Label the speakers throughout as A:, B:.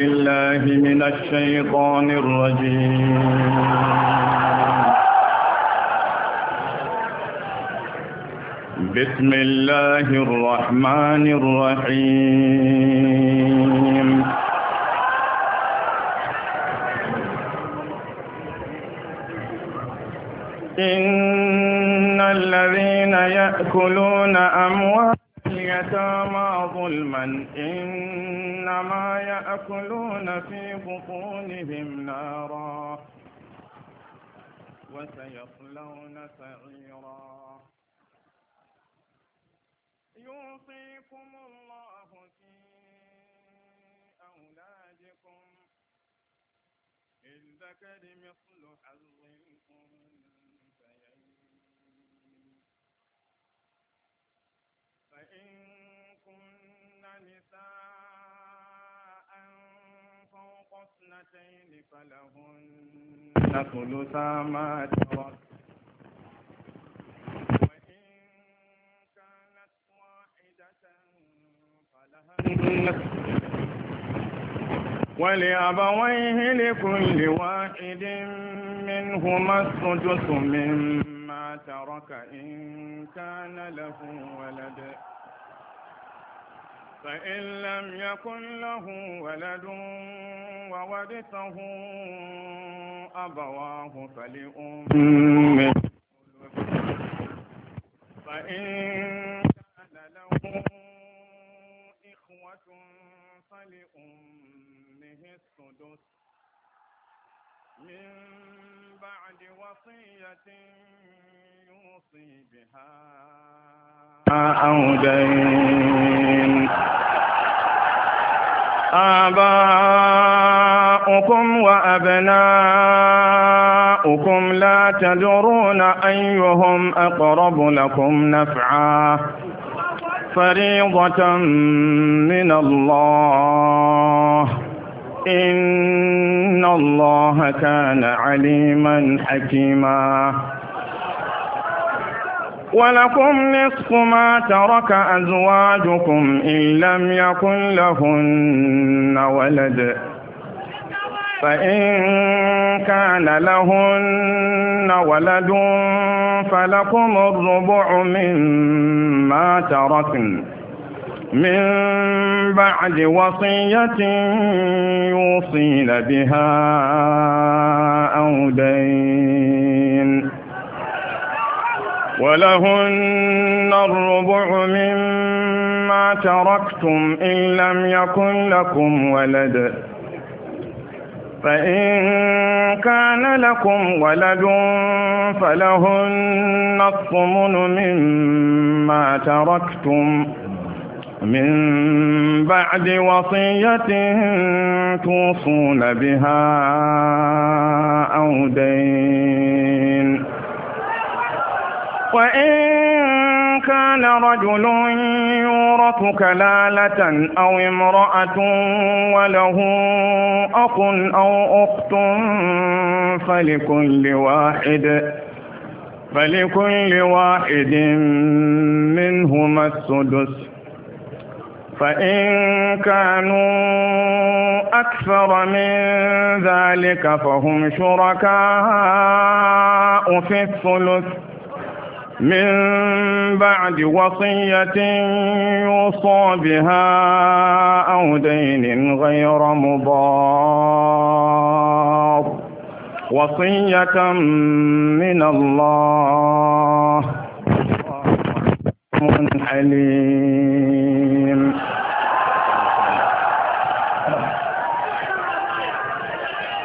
A: بالله من الشيطان الرجيم بسم الله الرحمن الرحيم إن الذين يأكلون أموال اليتامى ظلما إن إنما يأكلون في بطونهم نارا وسيصلون سعيرا يوصيكم الله في أولادكم للذكر مثل حظ الخيل فلهن ثلثا ما ترك وإن كانت واحدة فلها ولأبويه لكل واحد منهما السدس مما ترك إن كان له ولد فإن لم يكن له ولد وورثه أبواه فلأمه
B: فإن كان
A: له إخوة فلأمه السدس من بعد وصية يوصي بها أو دين آباؤكم وأبناؤكم لا تدرون أيهم أقرب لكم نفعا فريضة من الله إن الله كان عليما حكيما ولكم نصف ما ترك أزواجكم إن لم يكن لهن ولد فإن كان لهن ولد فلكم الربع مما تركن من بعد وصية يوصين بها أو دين ولهن الربع مما تركتم إن لم يكن لكم ولد فإن كان لكم ولد فلهن الثمن مما تركتم من بعد وصية توصون بها أو دين وإن كان رجل يورث كلالة أو امرأة وله أخ أو أخت فلكل واحد فلكل واحد منهما السدس فإن كانوا أكثر من ذلك فهم شركاء في الثلث من بعد وصية يوصى بها أو دين غير مضار وصية من الله حليم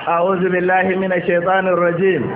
C: أعوذ بالله من الشيطان الرجيم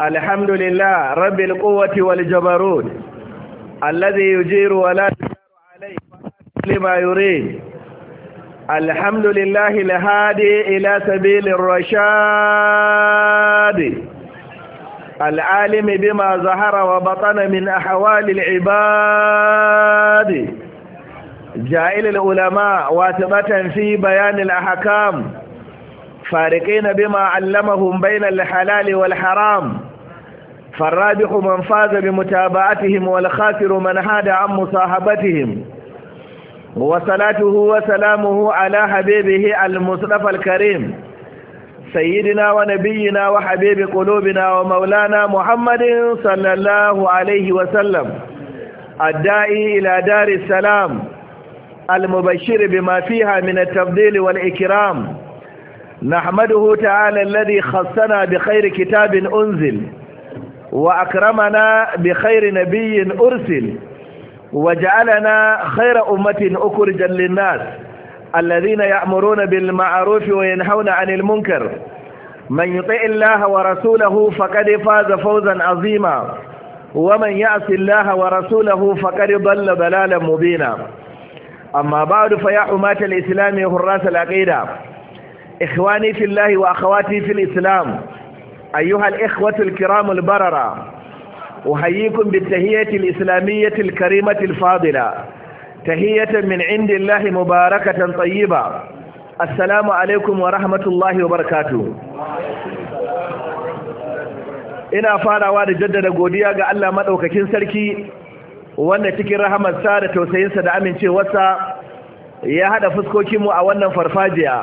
C: الحمد لله رب القوة والجبروت الذي يجير ولا يجير عليه لما يريد الحمد لله الهادي إلى سبيل الرشاد العالم بما ظهر وبطن من أحوال العباد جائل العلماء واثبة في بيان الأحكام فارقين بما علمهم بين الحلال والحرام فالرابح من فاز بمتابعتهم والخاسر من حاد عن مصاحبتهم وصلاته وسلامه على حبيبه المصطفى الكريم سيدنا ونبينا وحبيب قلوبنا ومولانا محمد صلى الله عليه وسلم الداعي إلى دار السلام المبشر بما فيها من التفضيل والإكرام نحمده تعالى الذي خصنا بخير كتاب أنزل وأكرمنا بخير نبي أرسل وجعلنا خير أمة أكرجا للناس الذين يأمرون بالمعروف وينهون عن المنكر من يطع الله ورسوله فقد فاز فوزا عظيما ومن يعص الله ورسوله فقد ضل ضلالا مبينا أما بعد فيا حماة الإسلام حراس العقيدة إخواني في الله وأخواتي في الإسلام أيها الإخوة الكرام البررة أحييكم بالتهية الإسلامية الكريمة الفاضلة تهية من عند الله مباركة طيبة السلام عليكم ورحمة الله وبركاته ina farawa da jaddada godiya ga Allah madaukakin sarki wanda cikin rahamarsa da tausayinsa da amincewarsa ya hada fuskokinmu a wannan farfajiya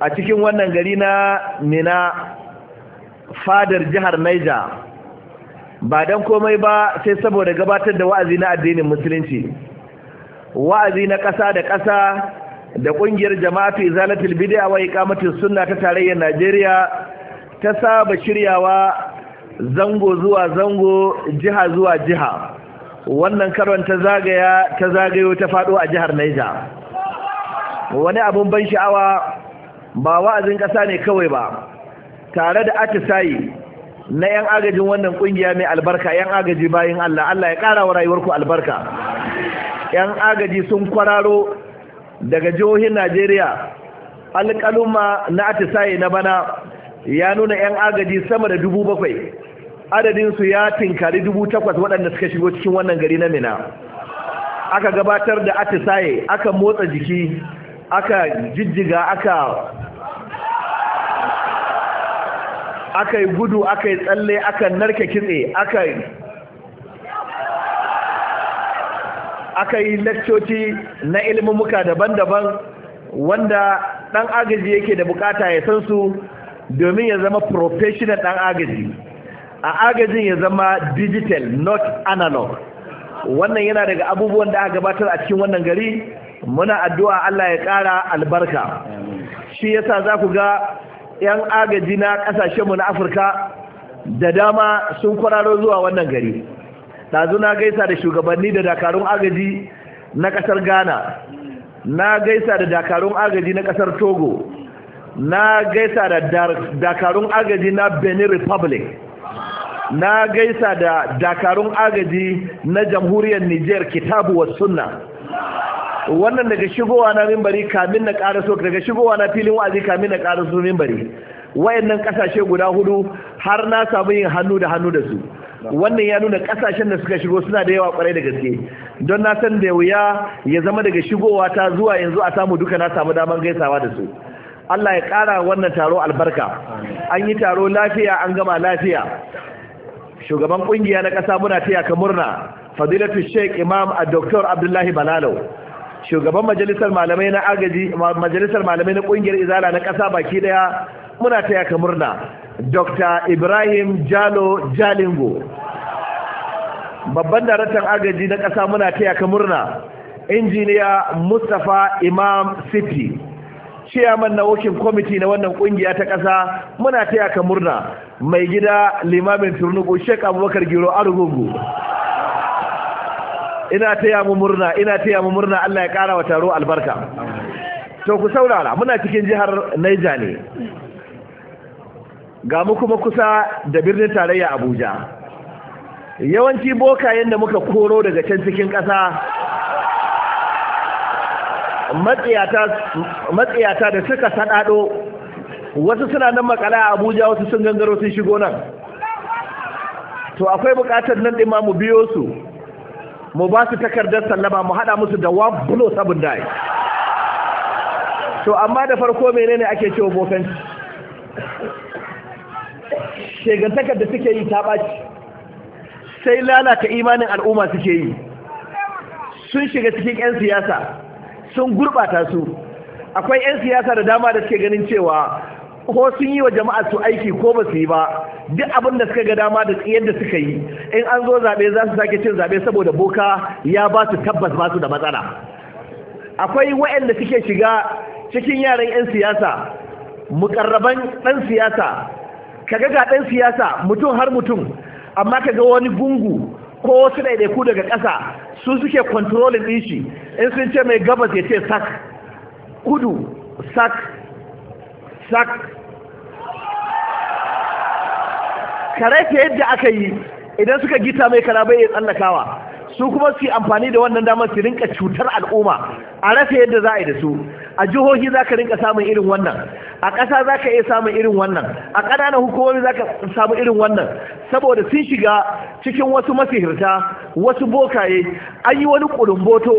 C: a cikin wannan gari na mina fadar jihar naija ba don komai ba sai saboda gabatar da wa'azi na addinin musulunci wa'azi na ƙasa da ƙasa da ƙungiyar jama'atu izalatul bid'a wa iqamatus sunna ta tarayyar Najeriya ta saba shiryawa zango zuwa zango jiha zuwa jiha wannan karon ta zagaya ta zagayo ta faɗo a jihar Niger wani abun ban sha'awa ba wa'azin ƙasa ne kawai ba tare da atisayi na 'yan agajin wannan ƙungiya mai albarka 'yan agaji bayan Allah Allah ya ƙara wa rayuwarku albarka 'yan agaji sun kwararo daga jihohin Najeriya alƙaluma na atisayi na bana ya nuna 'yan agaji sama da dubu bakwai su ya tinkari dubu takwas waɗanda suka shigo cikin wannan gari na mina aka gabatar da atisaye aka motsa jiki aka jijjiga aka aka gudu aka tsalle aka narke kitse aka yi aka yi lakcoci na ilmumuka daban-daban wanda ɗan agaji yake da bukata ya san su domin ya zama professional ɗan agaji a agajin ya zama digital not analog wannan yana daga abubuwan da aka gabatar a cikin wannan gari muna addu'a Allah ya ƙara albarka shi yasa za ku ga 'yan agaji na ƙasashenmu na afirka da dama sun kwararo zuwa wannan gari ɗazu na gaisa da shugabanni da dakarun agaji na ƙasar ghana na gaisa da dakarun agaji na ƙasar togo na gaisa da dakarun agaji na benin republic na gaisa da dakarun agaji na jamhuriyar Nijar kitabu wa sunna wannan daga shigowa na mimbari kamin na ƙara so daga shigowa na filin wa'azi kamin na ƙara so mimbari wayannan kasashe guda hudu har na samu yin hannu da hannu da su wannan ya nuna kasashen da suka shigo suna da yawa kwarai da gaske don na san da wuya ya zama daga shigowa ta zuwa yanzu a samu duka na samu daman gaisawa da su Allah ya ƙara wannan taro albarka an yi taro lafiya an gama lafiya shugaban kungiya na ƙasa muna taya ka murna fadilatu sheik imam a doktor abdullahi balalo shugaban majalisar malamai na agaji majalisar malamai na kungiyar izala na ƙasa baki daya muna taya ka murna dr ibrahim jalo jalingo babban daraktan agaji na ƙasa muna taya ka murna injiniya mustapha imam Siti, ciyaman na wakin kwamiti na wannan kungiya ta ƙasa muna taya ka murna mai gida limamin turnuku shek abubakar giro arugungu ina taya mu murna ina taya mu murna Allah ya kara wa taro albarka to ku saurara muna cikin jihar Niger ne ga mu kuma kusa da birnin tarayya Abuja yawanci bokayen da muka koro daga can cikin ƙasa matsiyata da suka saɗaɗo wasu suna nan makala a abuja wasu sun gangaro sun shigo nan to akwai buƙatar nan imamu mu biyo su mu ba su takardar sallama mu haɗa musu da one blow seven die to amma da farko menene ake cewa bokanci shegantakar da suke yi ta baci sai lalata imanin al'umma suke yi sun shiga cikin 'yan siyasa sun gurbata su akwai 'yan siyasa da dama da suke ganin cewa ko sun yi wa jama'a su aiki ko ba su yi ba duk abin da suka ga dama da tsiyar suka yi in an zo zaɓe za su sake cin zaɓe saboda boka ya ba su tabbas ba su da matsala akwai waɗanda suke shiga cikin yaran 'yan siyasa mukarraban ɗan siyasa kaga ga ɗan siyasa mutum har mutum amma kaga wani gungu ko wasu ɗaiɗaiku daga ƙasa su suke kwantrolin ɗin shi in sun ce mai gabas ya ce sak kudu sak sak kare ta yadda aka yi idan suka gita mai kara bai ya tsallakawa su kuma su amfani da wannan damar su rinka cutar al'umma a rasa yadda za a yi da su a jihohi za ka rinka samun irin wannan a ƙasa za ka iya samun irin wannan a ƙananan hukumomi za ka samu irin wannan saboda sun shiga cikin wasu masihirta wasu bokaye an yi wani ƙulumboto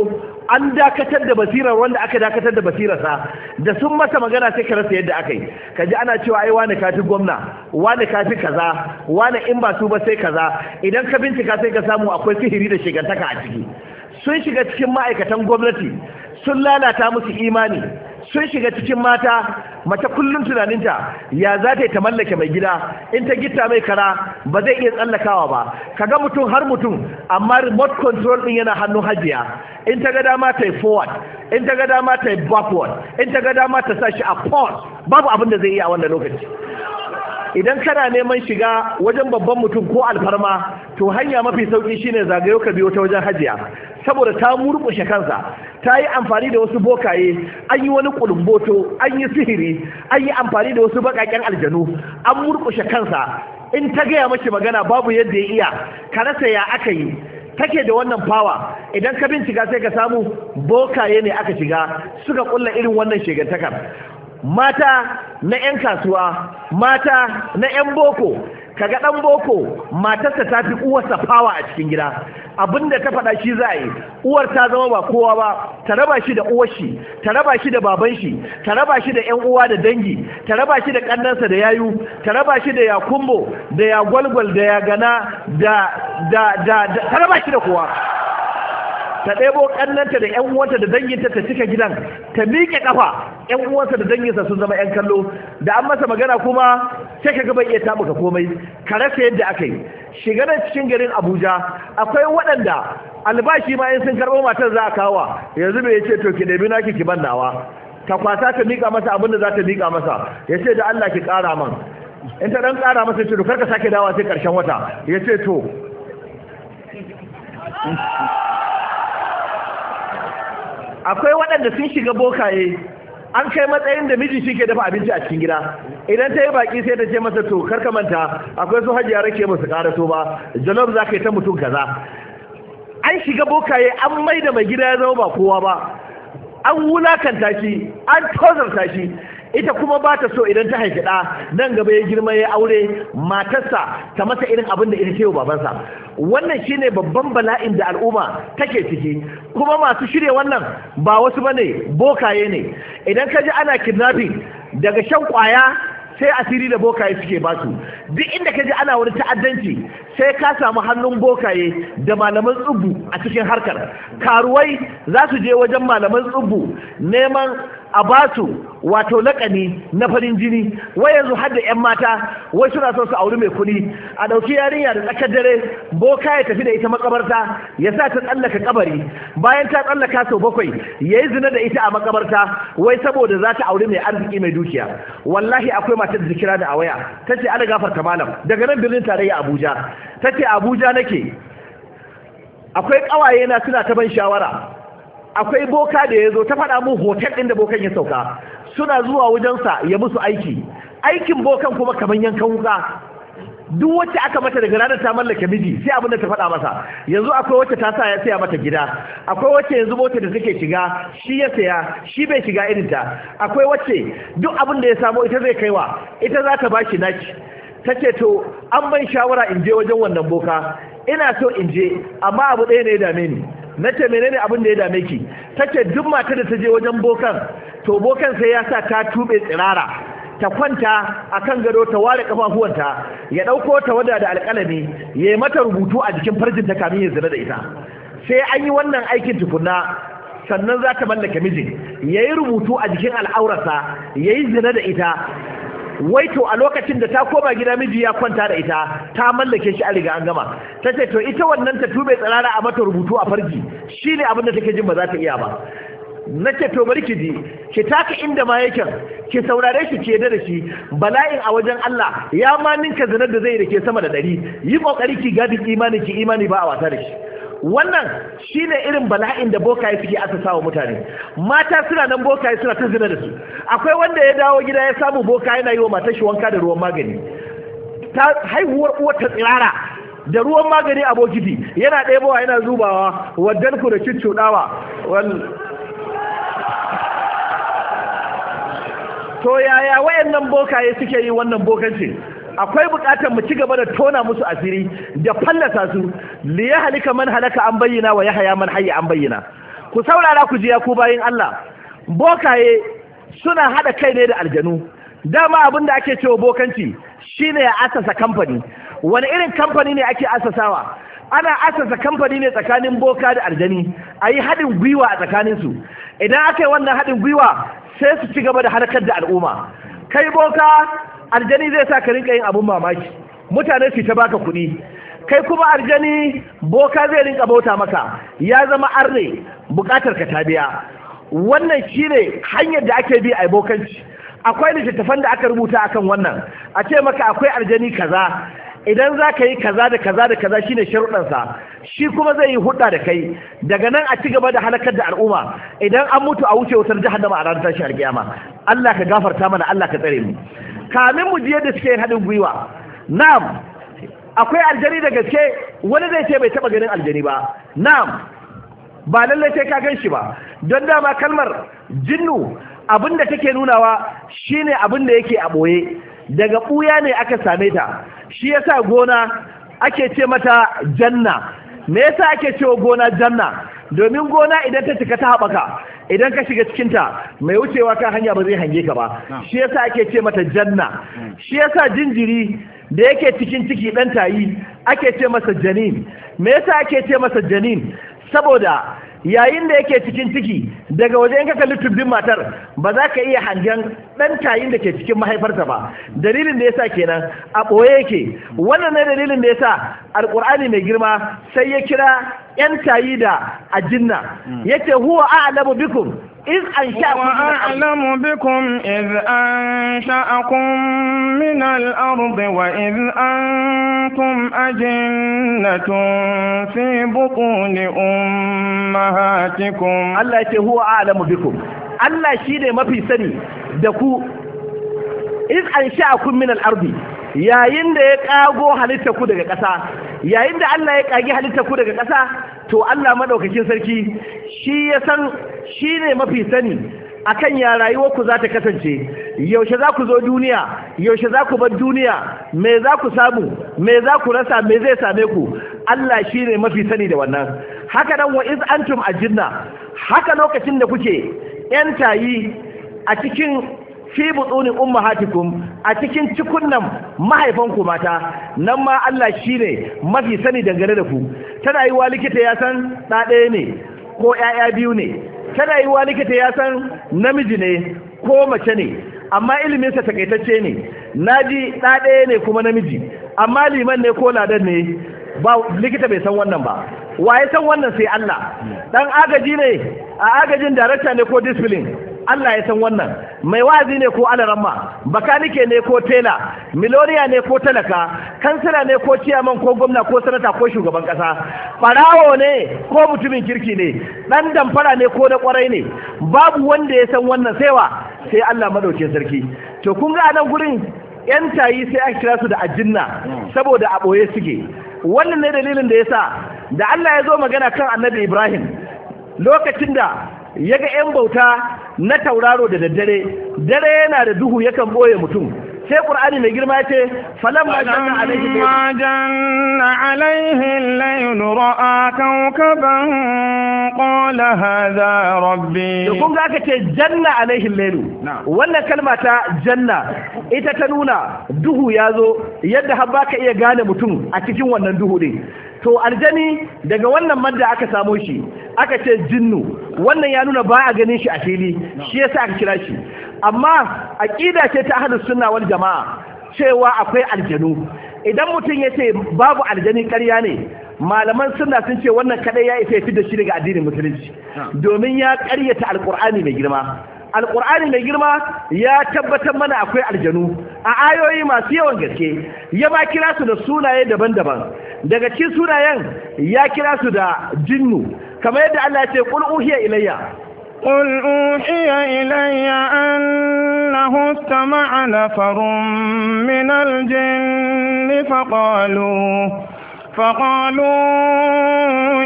C: an dakatar da basirar wanda aka dakatar da basirarsa da sun masa magana sai ka rasa yadda aka yi ka ji ana cewa ai wani kafi gwamna wani kafi kaza wani in ba su ba sai kaza idan ka bincika sai ka samu akwai sihiri da shigantaka a ciki sun shiga cikin ma'aikatan gwamnati sun lalata musu imani sun shiga cikin mata mace kullum tunaninta ya za ta yi ta mallake mai gida in ta gita mai kara ba zai iya tsallakawa ba ka ga mutum har mutum amma remote control din yana hannun hajiya in ta ga dama ta yi forward in ta ga dama ta yi backward in ta ga dama ta sa shi a port babu abin da zai iya a wannan lokaci idan kana neman shiga wajen babban mutum ko alfarma to hanya mafi sauƙi shine zagayo ka biyo ta wajen hajiya saboda ta murƙushe kansa ta yi amfani da wasu bokaye an yi wani kulumboto an yi sihiri an yi amfani da wasu baƙaƙen aljanu an murƙushe kansa in ta gaya mashi magana babu yadda ya iya Karasa ya aka yi take da wannan fawa idan ka bincika sai ka samu bokaye ne aka shiga suka kulla irin wannan shegantakar mata na 'yan kasuwa mata na 'yan boko kaga dan boko matarsa ta fi uwarsa fawa a cikin gida abinda ta faɗa shi za a yi uwar ta zama ba kowa ba ta raba shi da uwar shi ta raba shi da baban shi ta raba shi da yan uwa da dangi ta raba shi da ƙannansa da yayu ta raba shi da yakumbo da ya gwalgwal da ya gana da da da ta raba shi da kowa ta ɗebo ƙannanta da ‘yan uwanta da danginta ta cika gidan ta miƙe ƙafa ‘yan uwansa da danginsa sun zama ‘yan kallo da an masa magana kuma sai ka gaba iya tabuka komai ka rasa yadda aka yi shiga da cikin garin abuja akwai waɗanda albashi ma in sun karɓo matar za a kawa yanzu ya ce to ki ɗabi naki ki ban nawa ta kwasa ta miƙa masa abinda za ta miƙa masa ya ce da allah ki ƙara man in ta ɗan ƙara masa ce to ka sake dawa sai ƙarshen wata ya ce to akwai waɗanda sun shiga bokaye an kai matsayin da miji shi ke dafa abinci a cikin gida idan ta yi baki sai ta ce masa to karka manta akwai su hajiya rake kara to ba jalof za ka yi ta mutum kaza an shiga bokaye an mai da mai gida ya zama ba kowa ba an wulakanta shi an tozarta tashi. ita kuma ba ta so idan ta haifi ɗa nan gaba ya girma ya aure matarsa ta masa irin abin da ita ce wa babansa wannan shine babban bala'in da al'umma take ciki kuma masu shirya wannan ba wasu bane bokaye ne idan ka ji ana kidnapping daga shan kwaya sai asiri da bokaye suke ba basu duk inda ka ji ana wani ta'addanci sai ka samu hannun bokaye da malaman tsubu a cikin harkar karuwai za su je wajen malaman tsubu neman a ba su wato laƙani na farin jini wai yanzu har da 'yan mata wai suna so su auri mai kuɗi a ɗauki yarinya da tsakar dare boka ya tafi da ita makabarta ya sa ta tsallaka kabari bayan ta tsallaka sau bakwai ya yi zina da ita a makabarta wai saboda za ta auri mai arziki mai dukiya wallahi akwai matar da kira da a waya ta ce ana gafar ta malam daga nan birnin tarayya abuja ta ce abuja nake akwai ƙawaye na suna ta ban shawara akwai boka da ya zo ta faɗa mun hotel ɗin da bokan ya sauka suna zuwa wajensa ya musu aiki aikin bokan kuma kamar yankan wuka duk wacce aka mata daga ranar ta mallake miji sai abin da ta faɗa masa yanzu akwai wacce ta sa ya saya mata gida akwai wacce yanzu mota da take shiga shi ya saya shi bai shiga irin ta akwai wacce duk abin da ya samu ita zai kaiwa ita za ta bashi naki ta ce to an ban shawara in je wajen wannan boka ina so in je amma abu ɗaya ne ya dame ni na ce menene abin da ya dame ki ta ce duk mata da ta je wajen bokan to bokan sai ya sa ta tube tsirara ta kwanta a kan gado ta ware kafafuwanta ya ɗauko ta wada da alƙalami ya yi mata rubutu a jikin farjin ta kamin ya zina da ita sai an yi wannan aikin tukunna sannan za ta mallaka mijin ya yi rubutu a jikin al'aurarsa ya yi zina da ita wai to a lokacin da ta koma gida miji ya kwanta da ita ta mallake shi a riga an gama ta ce to ita wannan ta tube tsirara a mata rubutu a farji ne abin da take jin ba za ta iya ba na ce to bari ki ji ki taka inda ma yake ki saurare shi ke da shi bala'in a wajen Allah ya ma ninka zinar da zai da ke sama da ɗari yi kokari ki gadi imani ki imani ba a wasa da shi wannan shi ne irin bala'in da bokaye suke asasa wa mutane mata suna nan bokaye suna ta zina da su akwai wanda ya dawo gida ya samu boka yana yi wa matar shi wanka da ruwan magani ta haihuwar uwar ta tsirara da ruwan magani a bokiti yana ɗebowa yana zubawa waddan ku da cuccuɗawa to yaya wayannan bokaye suke yi wannan bokanci akwai bukatar mu ci gaba da tona musu asiri da fallasa su li ya halika man halaka an bayyana wa ya man hayya an bayyana ku saurara ku jiya ya ku bayin Allah bokaye suna hada kai ne da aljanu dama abin da ake cewa bokanci shine ya asasa kamfani wani irin kamfani ne ake asasawa ana asasa kamfani ne tsakanin boka da aljani a yi haɗin gwiwa a tsakaninsu idan aka yi wannan haɗin gwiwa sai su ci gaba da harkar da al'umma kai boka aljani zai sa ka rinka yin abin mamaki mutane su ta baka kuɗi kai kuma aljani boka zai rinka bauta maka ya zama arne bukatar ka ta biya wannan shine hanyar da ake bi a bokanci akwai littattafan da aka rubuta a kan wannan a ce maka akwai aljani kaza idan za ka yi kaza da kaza da kaza shine sharuɗansa shi kuma zai yi hudda da kai daga nan a ci gaba da halakar da al'umma idan an mutu a wuce wutar jihar da ranar tashi alƙiyama Allah ka gafarta mana Allah ka tsare mu kamin mu ji yadda suke haɗin gwiwa na'am akwai aljani da gaske wani zai ce bai taɓa ganin aljani ba na'am ba lallai sai ka gan shi ba don dama kalmar jinnu abin da take nunawa shine abin da yake a ɓoye daga ɓuya ne aka same ta shi yasa gona ake ce mata janna me yasa ake cewa gona janna domin gona idan ta cika ta haɓaka idan ka shiga cikin ta mai wucewa kan hanya ba zai hange ka ba shi yasa ake ce mata janna hmm. shi yasa jinjiri da yake cikin ciki dan tayi ake ce masa janin me yasa ake ce masa janin saboda yayin da yake cikin ciki daga wajen ka kalli tubbin matar ba za ka iya hangen ɗan tayin da ke cikin mahaifarta ba dalilin da yasa kenan a ɓoye yake wannan ne dalilin da yasa alƙur'ani mai girma sai ya kira
A: 'yan tayi da ajinna mm. yace huwa a'lamu bikum إذ أنشأكم وأعلم بكم إذ أنشأكم من الأرض وإذ أنتم أجنة في بطون أمهاتكم الله هو أعلم بكم الله
C: ما في سني دكو إذ أنشأكم من الأرض yayin da ya kago halitta ku daga ƙasa yayin da Allah ya kage halitta ku daga ƙasa to Allah madaukakin sarki shi ya san shi ne mafi sani akan ya rayuwar ku za ta kasance yaushe za ku zo duniya yaushe za ku bar duniya me za ku samu me za ku rasa me zai same ku Allah shi ne mafi sani da wannan haka dan wa iz antum ajinna haka lokacin da kuke yan tayi a cikin fi butuni ummahatikum a cikin cikunnan mahaifanku mata nan ma Allah shine mafi sani dangane da ku tana yiwa likita ya san da ɗaya ne ko ƴaƴa biyu ne tana yiwa likita ya san namiji ne ko mace ne amma iliminsa takaitacce ne naji da ɗaya ne kuma namiji amma liman ne ko ladan ne ba likita bai san wannan ba waye san wannan sai Allah dan agaji ne a agajin darakta ne ko discipline Allah ya san wannan mai wazi ne ko alaramma bakanike ne ko tela miloriya ne ko talaka kansila ne ko ciyaman ko gwamna ko sanata ko shugaban kasa farawo ne ko mutumin kirki ne dan damfara ne ko na kwarai ne babu wanda ya san wannan saiwa sai Allah madauke sarki to kun ga nan gurin yan tayi sai aka kira su da ajinna saboda a boye suke wannan ne dalilin da yasa da Allah ya zo magana kan Annabi Ibrahim lokacin da ya ga 'yan bauta na tauraro da daddare dare yana da duhu yakan ɓoye mutum sai ƙur'ani mai girma ce
D: falamma janna
A: alaihi layin ra'a kawkaban qala hadha rabbi da kun ga aka ce janna
C: alaihi layl wannan kalma ta janna ita ta nuna duhu ya zo yadda har baka iya gane mutum a cikin wannan duhu ne. to aljani daga wannan madda aka samo shi aka ce jinnu wannan ya nuna ba a ganin shi a fili shi ya sa aka kira shi amma aqida ce ta ahlus sunna wal jamaa cewa akwai aljanu idan mutum ya ce babu aljani ƙarya ne malaman sunna sun ce wannan kadai ya isa ya fi da shi daga addinin musulunci domin ya ƙaryata alkur'ani mai girma alƙur'ani mai girma ya tabbatar mana akwai aljanu a ayoyi masu yawan gaske ya ba kira su da sunaye daban-daban daga cikin sunayen ya kira su da
A: jinnu kamar yadda Allah ya ce qul uhiya ilayya قل أوحي إلي أنه استمع نفر من الجن faqalu فقالوا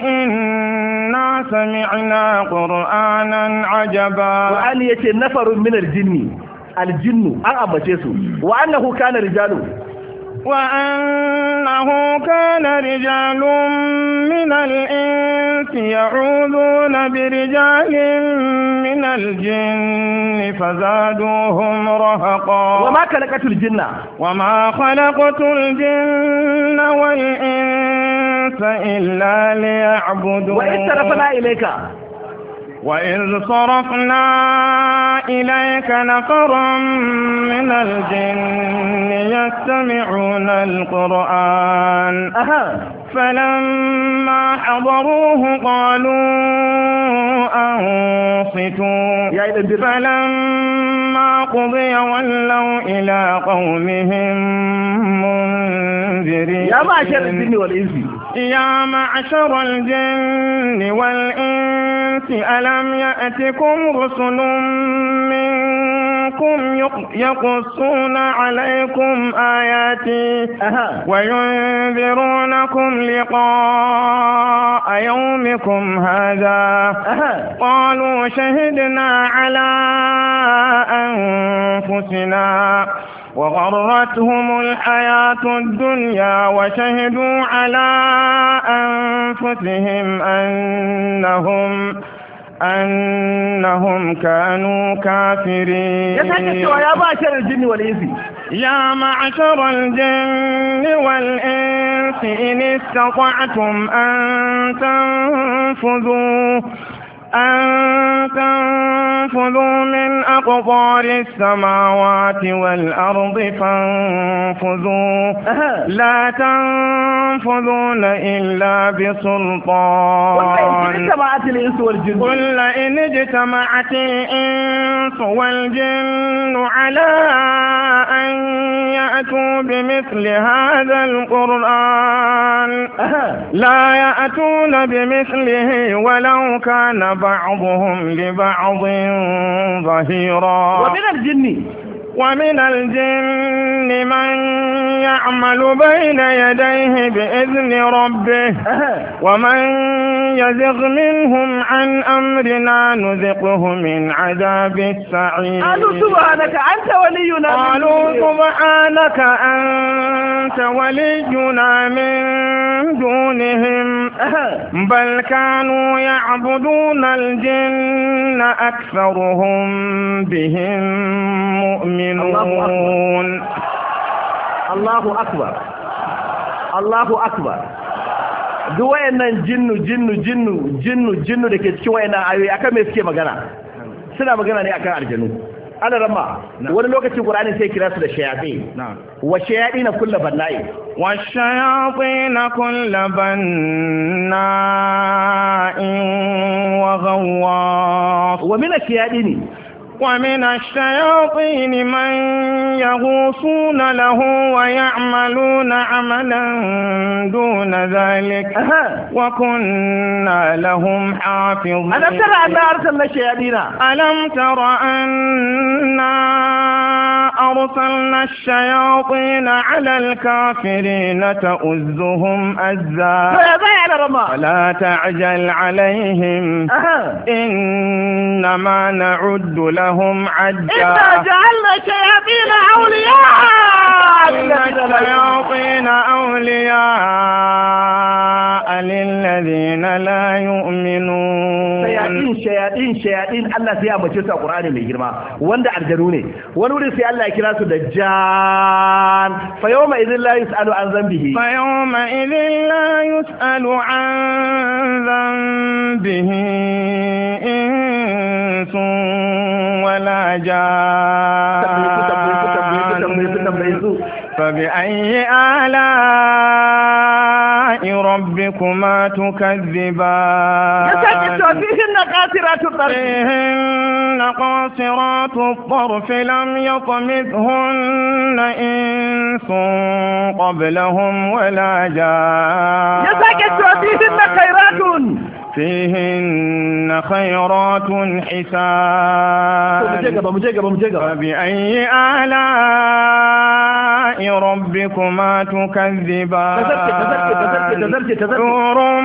A: إنا سمعنا قرآنا عجبا وأن يتي
C: نفر من الجن الجن أعب آه، جيسو وأنه كان رجال
A: وأنه كان رجال من الإنس يعوذون برجال من الجن فزادوهم رهقا وما خلقت الجن وما خلقت الجن والإنس فإلا ليعبدون وإن صرفنا إليك وإذ صرفنا إليك نفرا من الجن يستمعون القرآن أها فلما حضروه قالوا أنصتوا فلما قضي ولوا إلى قومهم منذرين يا معشر الجن والإنس يا معشر الجن والإنس ألم يأتكم رسل من إنهم يقصون عليكم آياتي وينذرونكم لقاء يومكم هذا قالوا شهدنا على أنفسنا وغرتهم الحياة الدنيا وشهدوا على أنفسهم أنهم An naho Makanu kafirin. Ya sanya kyau a Ba a canja jini waletse. Ya maca shawar jiniwal, in fi inista kwatum an san أن تنفذوا من أقطار السماوات والأرض فانفذوا لا تنفذون إلا بسلطان قل إن اجتمعت الإنس والجن على أن يأتوا بمثل هذا القرآن لا يأتون بمثله ولو كان بعضهم لبعض ظهيرا ومن الجن ومن الجن من يعمل بين يديه بإذن ربه ومن يزغ منهم عن أمرنا نذقه من عذاب السعير قالوا سبحانك أنت ولينا قالوا سبحانك أنت ولينا من دونهم بل كانوا يعبدون الجن أكثرهم بهم مؤمنون الله أكبر الله أكبر jinnu jinnu
C: jinnu jinnu jinnu da ke cikin wayannan ayoyi suke magana suna magana ne akan aljanu ana rama wani lokaci qur'ani sai kira su da shayatin wa shayatin kullu
A: banna'i wa shayatin kullu banna'in wa ghawwa wa min ash-shayatin ومن الشياطين من يغوصون له ويعملون عملا دون ذلك وكنا لهم حافظين ألم ترى أن أرسلنا الشياطين ألم ترى أنا أرسلنا الشياطين على الكافرين تؤزهم أزا فلا تعجل عليهم إنما نعد لهم لهم عجا إنا جعلنا
D: شياطين
A: أولياء إن أولياء للذين لا يؤمنون شياطين شياطين شياطين الله سيها مجلس القرآن من جرما
C: واند الجروني ونوري سي الله كناس دجان فيوم إذن لا
A: يسأل عن ذنبه فيوم إذن لا يسأل عن ذنبه إنس ولا جان فبأي آلاء ربكما تكذبان فيهن قاصرات الطرف فيهن قاصرات الطرف لم يطمثهن إنس
C: قبلهم ولا جان خيرات
A: فيهن خيرات حسان فبأي آلاء ربكما تكذبان نور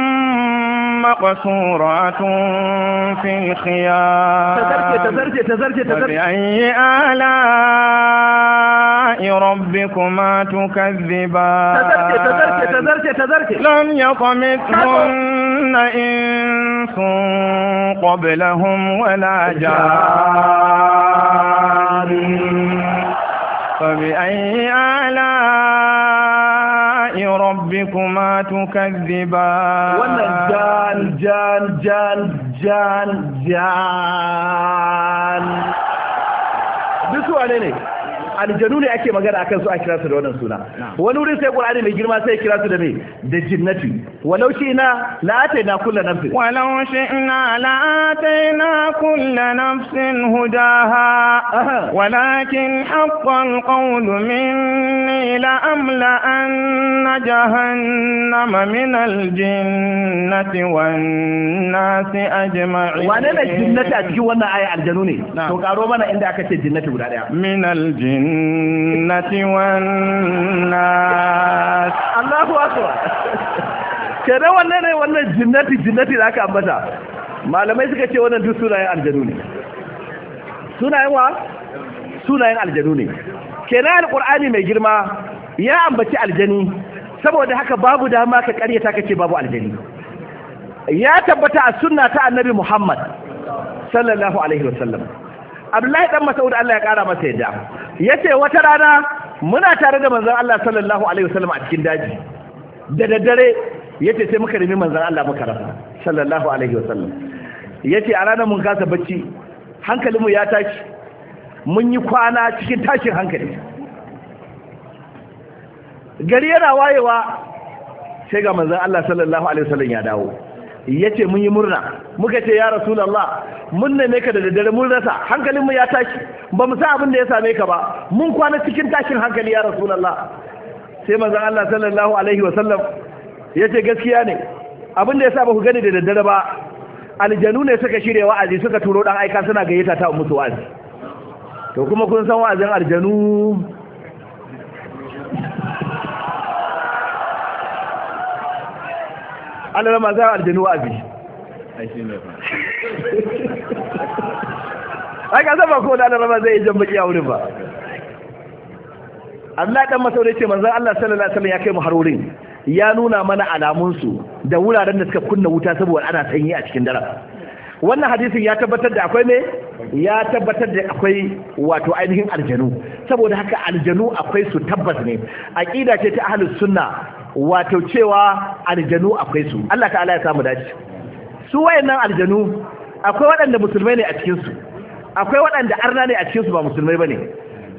A: مقصورات في الخيام فبأي آلاء ربكما تكذبان لم يطمثهن إنس قبلهم ولا جان فبأي آلاء ربكما تكذبان جان جان جان جان جان, جان.
C: دسوا عليه aljanu ne ake magana akan su a kira su da wannan suna wani wurin sai qur'ani mai girma sai kira su da me da jinnati walau shi ina la ataina kullu nafsin
A: walau shi ina la ataina kullu nafsin hudaha walakin haqqal qawlu minni la amla an jahannama min aljinnati wan nasi ajma'in wane ne jinnati a cikin wannan aya aljanu ne to karo mana inda aka ce jinnati guda daya min aljin الجنة والناس الله أكبر kenan wannan ne wannan jinnati jinnati da
C: aka ambata malamai suka ce wannan duk sunayen aljanu ne sunayen wa sunayen aljanu ne kenan alqur'ani mai girma ya ambaci aljani saboda haka babu dama ka karyata kace babu aljani ya tabbata a sunna ta annabi Muhammad sallallahu alaihi wasallam abdullahi dan masaud Allah ya kara masa yadda Ya ce wata rana muna tare da manzon Allah sallallahu alaihi wasallam a cikin daji da daddare yace sai muka rimi manzon Allah muka rasa sallallahu alaihi wasallam yace a ranar mun kasa bacci mu ya tashi mun yi kwana cikin tashin hankali gari yana wayewa sai ga manzon Allah sallallahu alaihi wasallam ya dawo yace mun yi murna muka ce ya rasulallah mun neme ka da daddare mun rasa hankalin mu ya tashi ba mu san abin da ya same ka ba mun kwana cikin tashin hankali ya rasulallah sai manzon Allah sallallahu alaihi wa sallam yace gaskiya ne abin da yasa ba ku gani da daddare ba aljanu ne suka shirye wa'azi suka turo dan aika suna gayyata ta musu wa'azi to kuma kun san wa'azin aljanu Allah ma za aljanu abi a ka zama ko da Allah ma zai yi jambaki a wurin ba Allah dan masaure ce manzon Allah sallallahu alaihi wasallam ya kai mu harorin ya nuna mana alamun su da wuraren da suka kunna wuta saboda ana sanyi a cikin dara. wannan hadisin ya tabbatar da akwai ne ya tabbatar da akwai wato ainihin aljanu saboda haka aljanu akwai su tabbas ne aqida ce ta ahlus sunna wato cewa aljanu akwai su Allah ta'ala ya samu dace su wayannan aljanu akwai waɗanda musulmai ne a cikin su akwai waɗanda arna ne a cikin su ba musulmai bane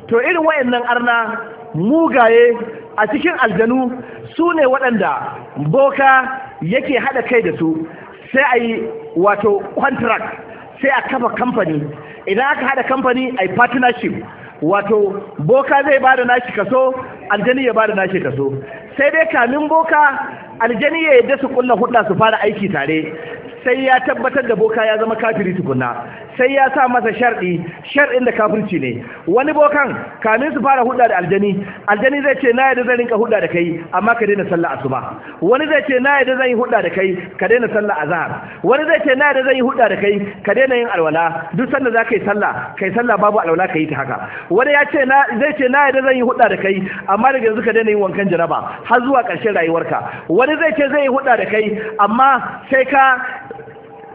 C: to irin wayannan arna mugaye a cikin aljanu su ne waɗanda boka yake haɗa kai da su sai a yi wato contract sai a kafa kamfani idan aka haɗa kamfani a yi partnership wato boka zai ba da nashi kaso aljani ya ba da nashi kaso sai dai kamin boka aljani ya yadda su kulla hudda su fara aiki tare sai ya tabbatar da boka ya zama kafiri tukuna sai ya sa masa sharɗi sharɗin da kafirci ne wani bokan kamin su fara hudda da aljani aljani zai ce na yadda zan rinka hudda da kai amma ka daina sallah asuba wani zai ce na yadda zan yi hudda da kai ka daina sallah azhar wani zai ce na yadda zan yi hudda da kai ka daina yin alwala duk sanda za ka yi sallah kai sallah babu alwala ka yi ta haka wani ya ce na zai ce na yadda zan yi hudda da kai amma daga yanzu ka daina yin wankan jaraba har zuwa ƙarshen rayuwarka wani zai ce zai yi hudda da kai amma sai ka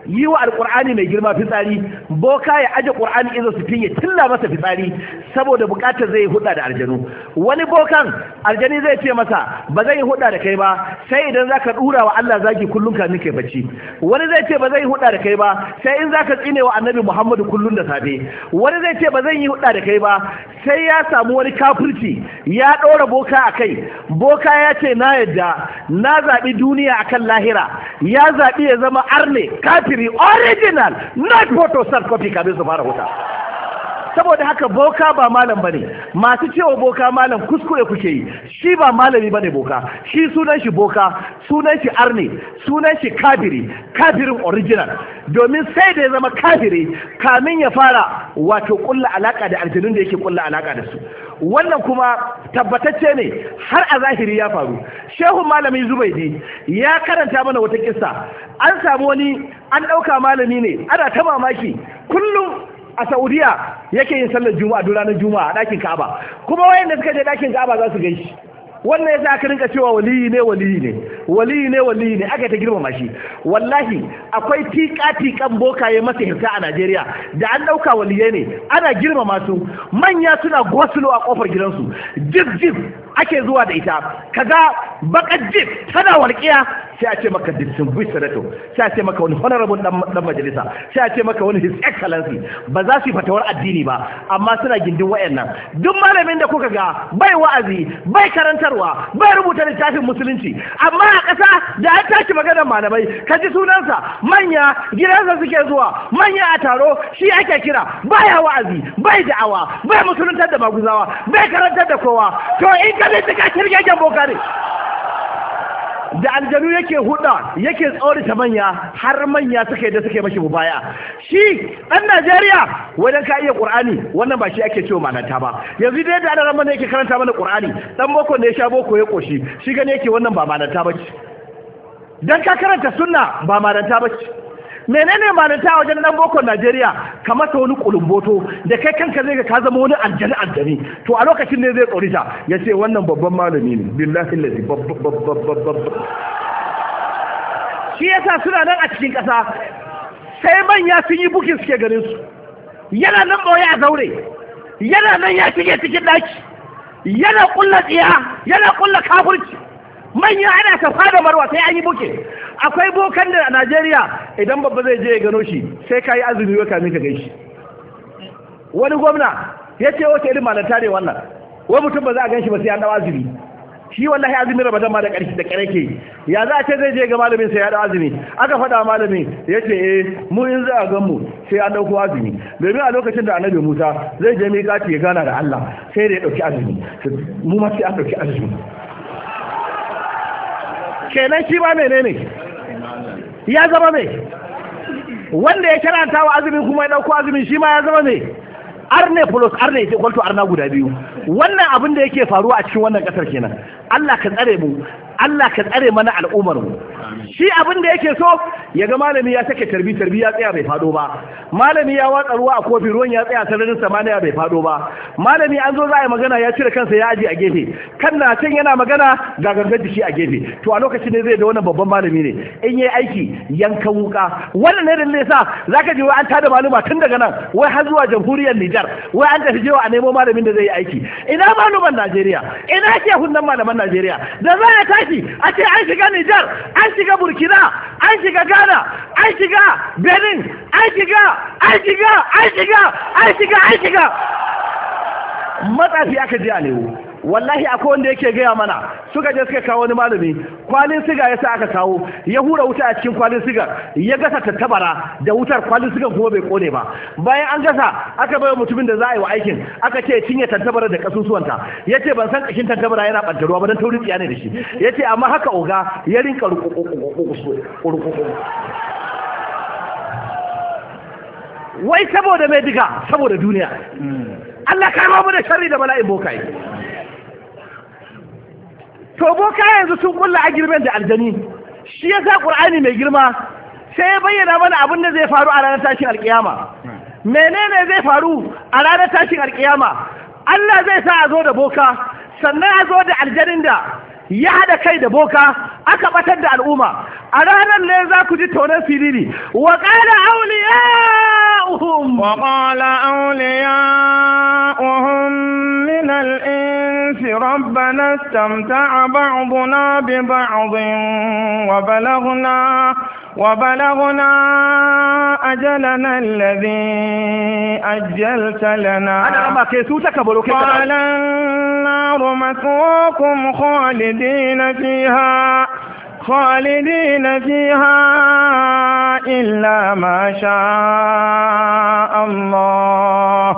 C: yi wa alkur'ani mai girma fitsari boka ya aje qur'ani izo su ya tilla masa fitsari saboda bukatar zai huda da aljanu wani bokan aljani zai ce masa ba zai huda da kai ba sai idan zaka dura wa Allah zaki kullun ka nike bacci wani zai ce ba zai huda da kai ba sai in zaka tsine wa annabi Muhammadu kullun da safe wani zai ce ba zan yi huda da kai ba sai ya samu wani kafirci ya dora boka akai boka ya ce na yadda na zabi duniya akan lahira ya zabi ya zama arne kafi original not photo start copy kafin su fara huta saboda haka boka ba malam bane masu cewa boka malam kuskure kuke yi shi ba malami bane boka shi sunan shi boka sunan shi arne sunan shi kafiri kafirin original domin sai da ya zama kafiri kamin ya fara wato kulla alaka da aljanun da yake kulla alaka da su wannan kuma tabbatacce ne har a zahiri ya faru shehun malami zubaidi ya karanta mana wata kissa an samu wani an ɗauka malami ne ana ta mamaki kullum a saudiya yake yin sallar juma'a duk ranar juma'a a ɗakin ka'aba kuma wayanda suka je ɗakin ka'aba za su gaishe wannan yasa aka rinka cewa waliyi ne waliyi ne waliyi ne waliyi ne aka ta girmama shi wallahi akwai tika tikan bokaye masa hirta a Najeriya da an dauka waliyai ne ana girmama su manya suna gosulo a kofar gidansu jif jif ake zuwa da ita kaga baka jif tana walƙiya sai a ce maka distinguished senator sai a ce maka wani honorable dan majalisa sai a ce maka wani his excellency ba za su yi fatawar addini ba amma suna gindin wayannan duk malamin da kuka ga bai wa'azi bai karantar bai rubuta littafin musulunci amma a ƙasa da an tashi maganar malamai ka ji sunansa manya gidansa suke zuwa manya a taro shi ake kira baya wa'azi bai da'awa bai musuluntar da maguzawa bai karantar da kowa to in ka bi ka kirgegen bokari da aljanu yake huda yake ta manya har manya suka da suka mashi baya. shi ɗan Najeriya wajen ka iya ƙur'ani, wannan ba shi ake cewa mananta ba yanzu dai da ana mana yake karanta mana ƙur'ani, ɗan boko ne ya sha boko ya ƙoshi shi gane yake wannan ba mananta ba ce dan ka karanta sunna ba malanta ba ce menene a wajen dan boko Najeriya ka masa wani kulumboto da kai kanka zai ga ka zama wani aljani aljani to a lokacin ne zai tsorita ya ce wannan babban malami ne billahi lazi shi yasa suna nan a cikin ƙasa sai manya sun yi bukin suke ganin su yana nan ɓoye a zaure yana nan ya shige cikin ɗaki yana ƙulla tsiya yana ƙulla kafurci manya ana safa da marwa sai an yi bukin akwai bokan da a Najeriya idan babba zai je ya gano shi sai ka yi azumi wa kamin ka shi wani gwamna ya ce wata irin malanta tare wannan wani mutum ba za a gan shi ba sai an dawa azumi shi ya azumi rabatan ma da ƙarfi da ƙarfi ya za a ce zai je ga malamin sai ya da azumi aka faɗa wa malamin ya ce eh mu in za a gan mu sai an ɗauko azumi domin a lokacin da annabi musa zai je miƙati ya gana da allah sai da ya ɗauki azumi mu ma sai an ɗauki azumi kenan shi ba menene ya zama mai wanda ya karanta wa azumin kuma ya dauko azumin shi ma ya zama mai arne plus arne ya kwalto arna guda biyu wannan abin da yake faruwa a cikin wannan kasar kenan Allah ka tsare mu Allah ka tsare mana al'ummar mu shi abin da yake so ya ga malami ya sake tarbi tarbi ya tsaya bai fado ba malami ya watsa ruwa a kofi ruwan ya tsaya sararin samaniya bai fado ba malami an zo za a yi magana ya cire kansa ya aji a gefe kan na can yana magana ga gangan jiki a gefe to a lokacin ne zai da wannan babban malami ne in yi aiki yanka wuka wannan ne da sa zaka ji wai an tada maluma tun daga nan wai har zuwa jamhuriyar Nijar wai an tafi jewa a nemo malamin da zai yi aiki ina maluman Najeriya ina ke hunnan malaman Najeriya
D: da za a tashi a ce an shiga Nijar an shiga burkina an shiga ghana an shiga benin an shiga an shiga an shiga an shiga an shiga
C: matsafi aka je a lewo wallahi akwai wanda yake gaya mana suka je suka kawo wani malami kwalin siga ya sa aka kawo ya hura wuta a cikin kwalin sigar ya gasa tattabara da wutar kwalin sigar kuma bai kone ba bayan an gasa aka bai mutumin da za a yi wa aikin aka ce cinye tattabara da kasusuwanta ya ce ban san kashin tattabara yana ɓanta ruwa ba don taurin tsiya ne da shi ya ce amma haka oga ya rinka wai saboda mai diga saboda duniya hmm. Allah ka mu da sharri da bala'in bokai to boka yanzu sun kulla a girben da aljani shi yasa ƙur'ani mai girma sai ya bayyana mana abin da zai faru a ranar tashin alƙiyama. menene zai faru a ranar tashin alkiyama Allah zai sa a zo da boka sannan a zo da aljanin da ya haɗa kai da boka aka batar da al'umma a ranar ne za ku ji taunar filili
A: wa ƙara auliya أولياؤهم وقال أولياؤهم من الإنس ربنا استمتع بعضنا ببعض وبلغنا وبلغنا أجلنا الذي أجلت لنا قال النار مثواكم خالدين فيها خالدين فيها إلا ما شاء الله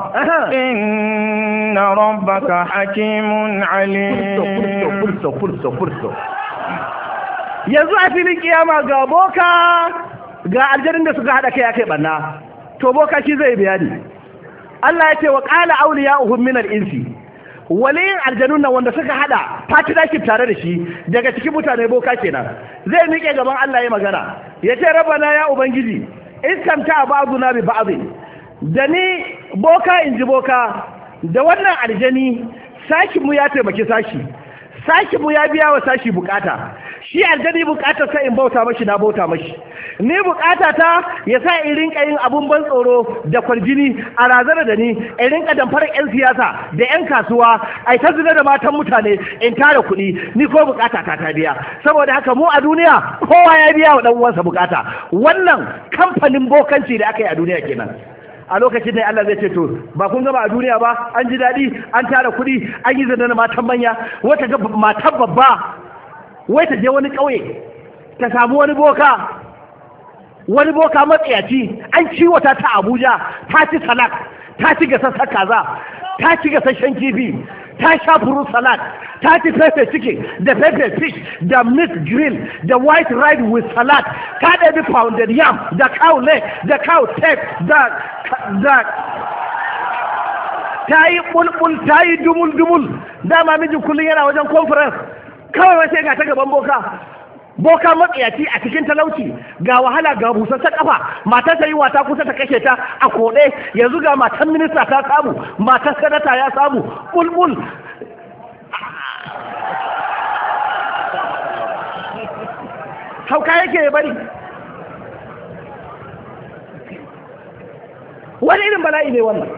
A: إن ربك حكيم عليم فرصة yanzu a filin kiyama ga boka ga
C: aljarin da suka haɗa kai a kai ɓanna to boka shi zai biya Allah ya ce wa ƙala auliya uhun minar insi waliyin aljanun nan wanda suka hada fati dakin tare da shi daga cikin mutane boka kenan zai miƙe gaban Allah ya magana ya ce na ya ubangiji iskamta na bi ba'd da ni boka in ji boka da wannan aljani sashi mu ya taimaki sashi sashi mu ya biya wa sashi bukata shi aljani bukatar sa in bauta mashi na bauta mashi ni bukata ta ya sa in rinka yin abun ban tsoro da kwaljini a razana da ni in rinka damfarar yan siyasa da yan kasuwa ai ta zina da matan mutane in tara kuɗi ni ko bukata ta ta biya saboda haka mu a duniya kowa ya biya wa ɗan uwansa bukata wannan kamfanin bokanci da aka yi a duniya kenan a lokacin da Allah zai ce to ba kun gama a duniya ba an ji daɗi an tara kuɗi an yi zanen matan manya wata matan babba wai ta je wani ƙauye ta samu wani boka wani boka matsayaci an ciwata ta abuja ta ci salak ta ci gasar kaza ta ci gasar shan kifi ta sha furu salak ta ci pepper chicken da pepper fish da meat grill da white rice with salad ta ɗabi pounded yam da cow leg da cow tape da da ta yi bulbul ta yi dumul dumul dama mijin kullum yana wajen conference kawai wace ga ta gaban boka boka matsayaci a cikin talauci ga wahala ga busassar kafa matar ta yi wata kusa ta kashe ta a koɗe yanzu ga matan minista ta samu matar sanata ya samu bulbul hauka yake ya bari wani irin bala'i ne wannan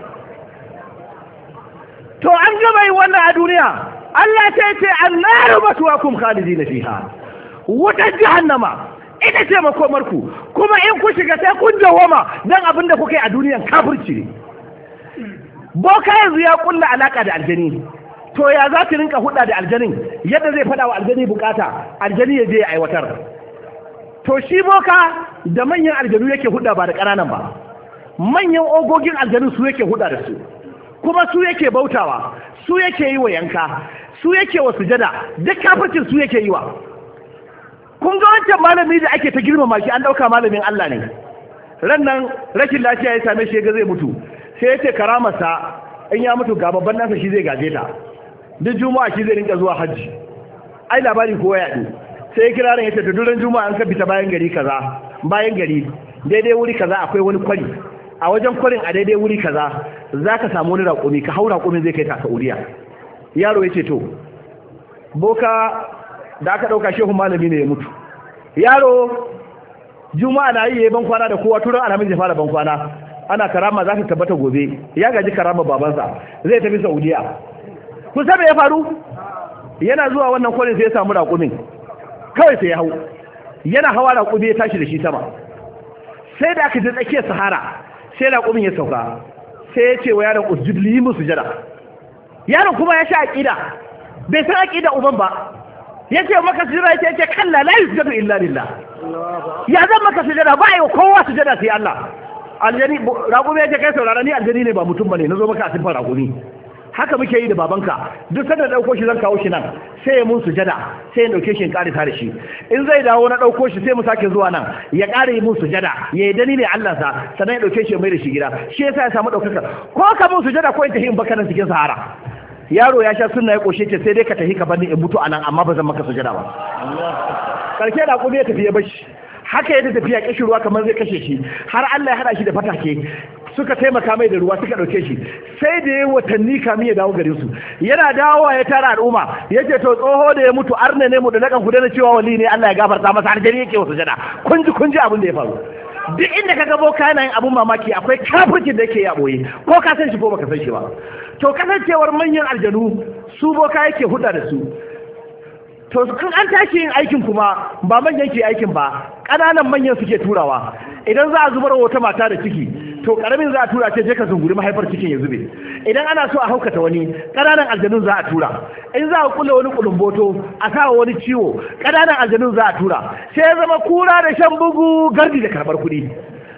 C: to an gaba yi wannan a duniya Allah ta ce 'An annaru khalidi na fiha wutar nama, ita ce makomarku kuma in ku shiga sai kun jawoma don abin da kuka yi a duniyan kafirci ne boka yanzu ya kulla alaka da aljani to ya za ta rinka huda da aljanin yadda zai faɗa wa aljani bukata aljani ya je aiwatar to shi boka da manyan aljanu yake huɗa ba da ƙananan ba manyan ogogin aljanu su yake huɗa da su kuma su yake bautawa su yake yi wa yanka su yake wa sujada duk kafircin su yake yi wa kun ga wancan malami da ake ta girmama shi an dauka malamin Allah ne ran nan rashin lafiya ya same shi ga zai mutu sai yace karamarsa in ya mutu ga babban nasa shi zai gaje ta duk juma'a shi zai rinka zuwa hajji ai labari ko ya sai ya kira ran yace to duran juma'a an ka bita bayan gari kaza bayan gari daidai wuri kaza akwai wani kwari a wajen kwarin a daidai wuri kaza za ka samu wani raƙumi ka hau raƙumin zai kai ka sa'uriya yaro ya ce to boka da aka ɗauka shehu malami ne ya mutu yaro juma'a na yi ya ban kwana da kowa turan alhamis ya fara ban kwana ana karama za ka tabbata gobe ya gaji karama babansa zai tafi saudiya kun san me ya faru yana zuwa wannan kwarin sai ya samu raƙumin kawai sai ya hau yana hawa raƙumi ya tashi da shi sama sai da aka ji tsakiyar sahara sai raƙumin ya sauka sai ya ce wa yaron usjudli yi musu jada yaron kuma ya sha aƙida bai san aƙida uban ba ya ce maka sujada ya ce kalla la yusjadu illa lillah ya zan maka sujada ba yi kowa sujada sai Allah aljani raƙumi ya ce kai saurara ni aljani ne ba mutum ba ne na zo maka a simfar raƙumi haka muke yi da babanka duk sanda dauko shi zan kawo shi nan sai ya mun sujada sai ya dauke shi in kare tare shi in zai dawo na dauko shi sai mu sake zuwa nan ya kare mun sujada ya yi dani Allah sa sannan ya dauke shi ya mai da shi gida shi yasa ya samu daukaka ko ka mun sujada ko in tafi in baka nan cikin sahara yaro ya sha sunna ya koshe ce sai dai ka tafi ka bani in mutu anan amma ba zan maka sujada ba karke da kuma ya tafi ya bashi haka yadda tafiya ya ruwa kamar zai kashe shi har Allah ya hada shi da fatake suka taimaka mai da ruwa suka ɗauke shi sai da ya watanni kamin ya dawo gare su yana dawowa ya tara al'umma ya ce to tsoho da ya mutu arne ne mu da nakan ku dana cewa wali ne Allah ya gafarta masa gari yake wasu jana kun ji abin da ya faru duk inda ka gabo kana yin abun mamaki akwai kafirkin da yake yaboye ko ka san shi ko baka san shi ba to kasancewar manyan aljanu su boka yake huda da su to in an tashi yin aikin kuma ba manyan ke aikin ba ƙananan manyan suke turawa idan za a zubar wata mata da ciki to ƙaramin za a tura ce je ka zunguri mahaifar cikin ya zube idan ana so a haukata wani ƙananan aljanun za a tura in za a kula wani kulumboto a sa wani ciwo ƙananan aljanun za a tura sai ya zama kura da shan bugu gardi da karɓar kuɗi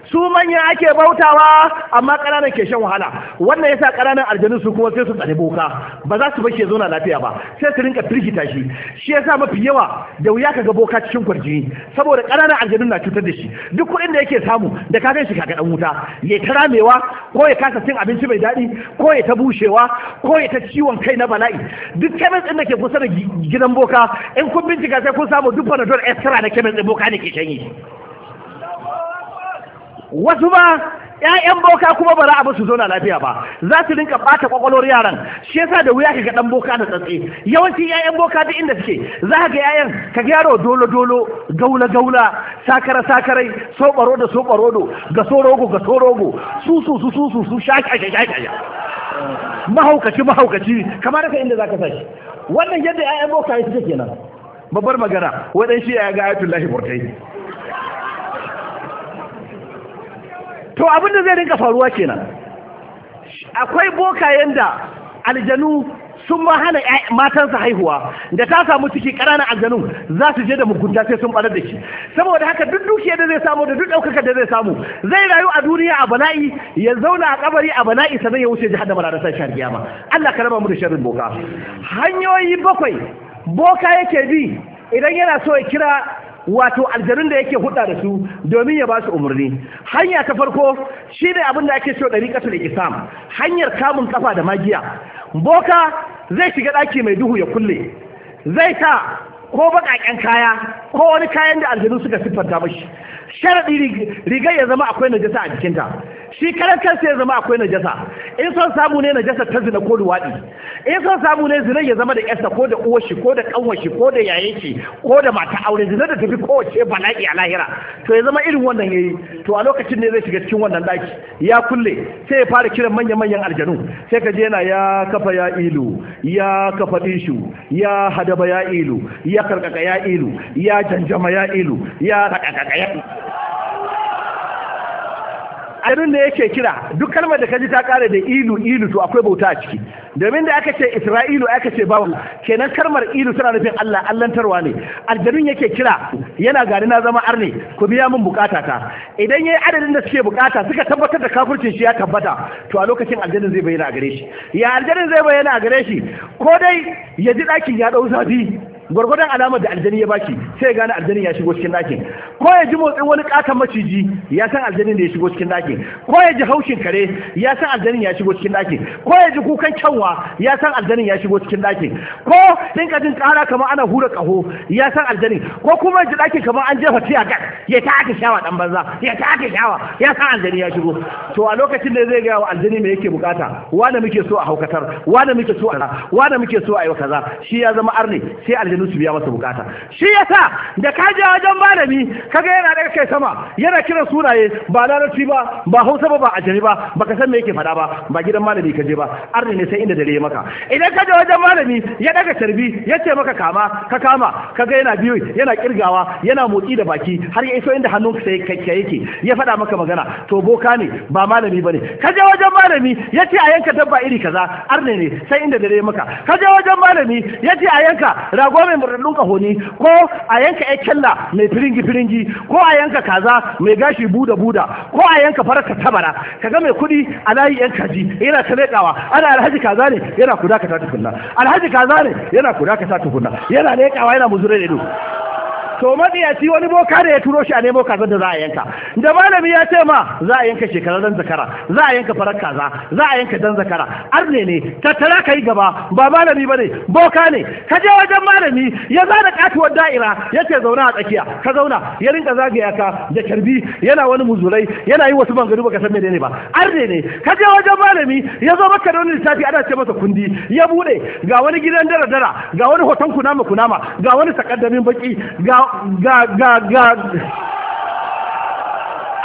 C: su manya ake bautawa amma ƙananan ke shan wahala wannan yasa ƙananan aljanu su kuma sai su tsare boka ba za su bashi ya zauna lafiya ba sai su rinka firgita shi shi yasa mafi yawa da wuya ka ga boka cikin kwarji saboda ƙananan aljanu na cutar da shi duk kuɗin da yake samu da ka gan shi kaga dan wuta ya ta ramewa ko ya kasa cin abinci mai daɗi ko ya ta bushewa ko ya ta ciwon kai na bala'i duk kemis ɗin da ke kusa da gidan boka in kun bincika sai kun samu duk panadol extra na kemis ɗin boka ne ke shan yi wasu ba ƴaƴan boka kuma ba za a su zauna lafiya ba za su rinka bata kwakwalwar yaran shi yasa da wuya ga dan boka da tsatse yawanci ƴaƴan boka duk inda suke za ka ga ƴaƴan ka ga yaro dolo dolo gaula gaula sakara sakarai sobaro da sobaro do ga sorogo ga sorogo su su su su su sha shaka shaka mahaukaci mahaukaci kamar ka inda zaka sashi wannan yadda ƴaƴan boka yake kenan babbar magana wadan shi ya ga ayatullahi burtai to abin da zai rinka faruwa kenan akwai bokayen da aljanu sun ma hana matansa haihuwa da ta samu ciki ƙananan aljanu za su je da mugunta sai sun ɓarar da shi saboda haka duk dukiyar da zai samu da duk ɗaukakar da zai samu zai rayu a duniya a bala'i ya zauna a kabari a bala'i sannan ya wuce jahannama da sai shahar giyama. Allah ka raba mu da sharrin boka hanyoyi bakwai boka yake bi idan yana so ya kira wato aljarin da yake hudda da su domin ya ba su umarni hanya ta farko shi ne abin da ake so da isam hanyar kamun kafa da magiya boka zai shiga ɗaki mai duhu ya kulle zai sa ko baƙaƙen kaya ko wani kayan da aljanu suka siffanta mashi sharaɗi rigar ya zama akwai najasa a jikinta shi karan kansa ya zama akwai najasa in son samu ne najasa ta zina ko luwaɗi in son samu ne zina ya zama da yarsa ko da uwar shi ko da kanwar shi ko da yayin shi ko da mata aure zina da tafi kowace bala'i a lahira to ya zama irin wannan yayi to a lokacin ne zai shiga cikin wannan daki ya kulle sai ya fara kiran manya manyan aljanu sai ka je yana ya kafa ya ilu ya kafa dishu ya hadaba ya ilu ya karkaka ya ilu ya janjama ya ilu ya kakakaka ya abin da yake kira duk kalmar da kaji ta kare da ilu ilu to akwai bauta a ciki domin da aka ce isra'ilu aka ce bawa kenan kalmar ilu tana nufin Allah allantarwa ne aljanun yake kira yana gari na zama arne ku biya min bukata ta idan yayi adadin da suke bukata suka tabbatar da kafircin shi ya tabbata to a lokacin aljanun zai bayyana a gare shi ya aljanun zai bayyana a gare shi ko dai ya ji dakin ya dau zafi gwargwadon alamar da aljani ya bashi sai ya gane aljanin ya shigo cikin ɗakin ko ya ji motsin wani katon maciji ya san aljanin da ya shigo cikin ɗakin ko ya ji haushin kare ya san aljanin ya shigo cikin ɗakin ko ya ji kukan kyanwa ya san aljanin ya shigo cikin ɗakin ko dinka jin ƙara kamar ana hura ƙaho ya san aljanin ko kuma ji ɗakin kamar an jefa tiya gas ya ta aka shawa ɗan banza ya ta aka shawa ya san aljani ya shigo to a lokacin da zai gaya wa aljani me yake bukata wanda muke so a haukatar wanda muke so a wanda muke so a yi kaza shi ya zama arne sai aljani aljanu su biya masa bukata shi yasa da ka je wajen malami kaga yana daga kai sama yana kiran sunaye ba larabci ba ba hausa ba ba ajami ba baka san me yake faɗa ba ba gidan malami ka je ba arni ne sai inda dare ya maka idan ka je wajen malami ya daga tarbi ya ce maka kama ka kama kaga yana biyu yana kirgawa yana motsi da baki har ya iso inda hannunka sai kakkiya yake ya faɗa maka magana to boka ne ba malami bane ka je wajen malami ya ce a yanka dabba iri kaza arne ne sai inda dare ya maka ka je wajen malami ya ce a yanka ragon mai murɗaɗɗun ko a yanka kyalla mai firingi firingi ko a yanka kaza mai gashi buda buda ko a yanka farka tabara ga mai kuɗi a layi yan kaji yana ta leƙawa ana alhaji kaza ne yana kudaka ta tukunna alhaji kaza ne yana kudaka ta tukunna yana leƙawa yana muzure ido to matsiyaci wani boka da ya turo shi a nemo kaza da za a yanka da malami ya ce ma za a yanka dan zakara za a yanka farar kaza za a yanka dan zakara ar ne tattara ka yi gaba ba malami ba ne boka ne ka je wajen malami ya za da katuwar da'ira ya ce zauna a tsakiya ka zauna ya rinka zagaya ka da karbi yana wani muzurai yana yi wasu bangaru baka san menene ba arne ne ka je wajen malami ya zo maka da wani lissafi ana ce masa kundi ya bude ga wani gidan dara dara ga wani hoton kunama kunama ga wani takaddamin baki ga God, God, God.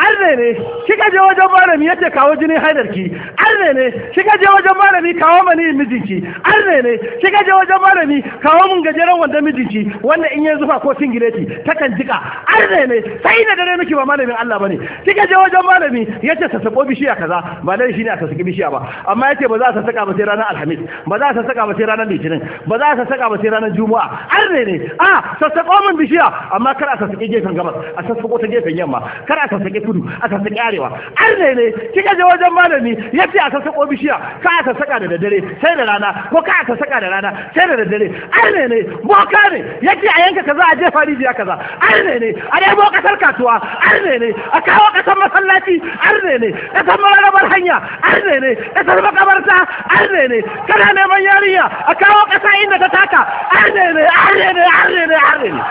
C: arne ne kika je wajen malami yake kawo jinin haidarki arne ne kika je wajen malami kawo mani mijinki arne ne kika je wajen malami kawo mun gajeren wanda mijinki wanda in ya zufa ko singileti kan jika arne ne sai da dare miki ba malamin Allah bane kika je wajen malami yace sa sako bishiya kaza ba dai shine a saki bishiya ba amma yace ba za a saka ba sai ranar alhamis ba za a saka ba sai ranar litinin ba za a saka ba sai ranar juma'a arne ne a ah, sassako mun bishiya amma kar a sassake gefen gabas a sassako ta gefen yamma kar a sassake gudu aka sa karewa arne ne kika je wajen malami ce aka sako bishiya ka aka saka da dare sai da rana ko ka aka saka da rana sai da daddare arne ne boka ne ce a yanka kaza a jefa rijiya kaza arne ne a dai boka kasar kasuwa arne ne a kawo kasar masallaci arne ne kasar mararabar hanya arne ne kasar makabarta arne ne kana neman yarinya a kawo kasa inda ta taka arne ne arne ne arne ne ne ne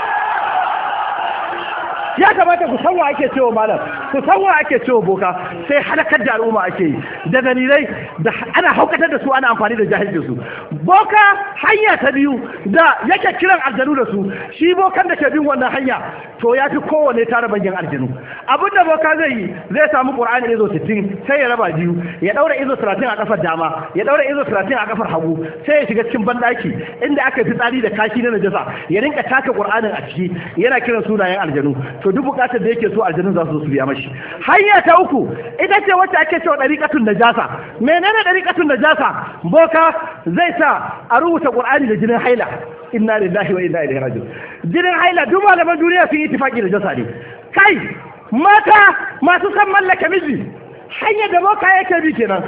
C: ya kamata ku san wa ake cewa malam ku san wa ake cewa boka sai halakar da al'umma ake yi da dalilai da ana haukatar da su ana amfani da jahilci su boka hanya ta biyu da yake kiran aljanu da su shi bokan da ke bin wannan hanya to ya fi kowane tara bangin aljanu da boka zai yi zai samu qur'ani izo 60 sai ya raba biyu ya daura izo 30 a kafar dama ya daura izo 30 a kafar hagu sai ya shiga cikin bandaki inda aka fi tsari da kashi na najasa ya rinka taka qur'anin a ciki yana kiran sunayen aljanu to duk bukatar da yake so aljanun za su su biya mashi hanya ta uku ita ce wacce ake cewa dariqatun najasa menene dariqatun najasa boka zai sa a rubuta qur'ani da jinin haila inna lillahi wa inna ilaihi raji'un jinin haila duk malaman duniya sun yi ittifaki da jasa ne kai mata masu san mallaka miji hanyar da boka yake bi kenan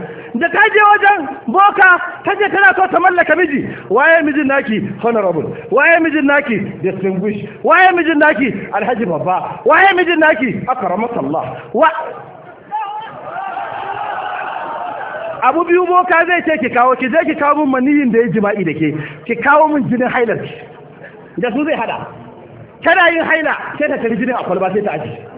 C: da ta je wajen boka ta je tana so ta mallaka miji waye mijin naki honorable waye mijin naki distinguish waye mijin naki alhaji babba waye mijin naki akramakallah wa abu biyu boka zai ce ki kawo ki je ki kawo min maniyin da ya jima'i da ke ki kawo min jinin hailar da su zai hada tana yin haila sai ta tarjini jinin a kwalba sai ta aji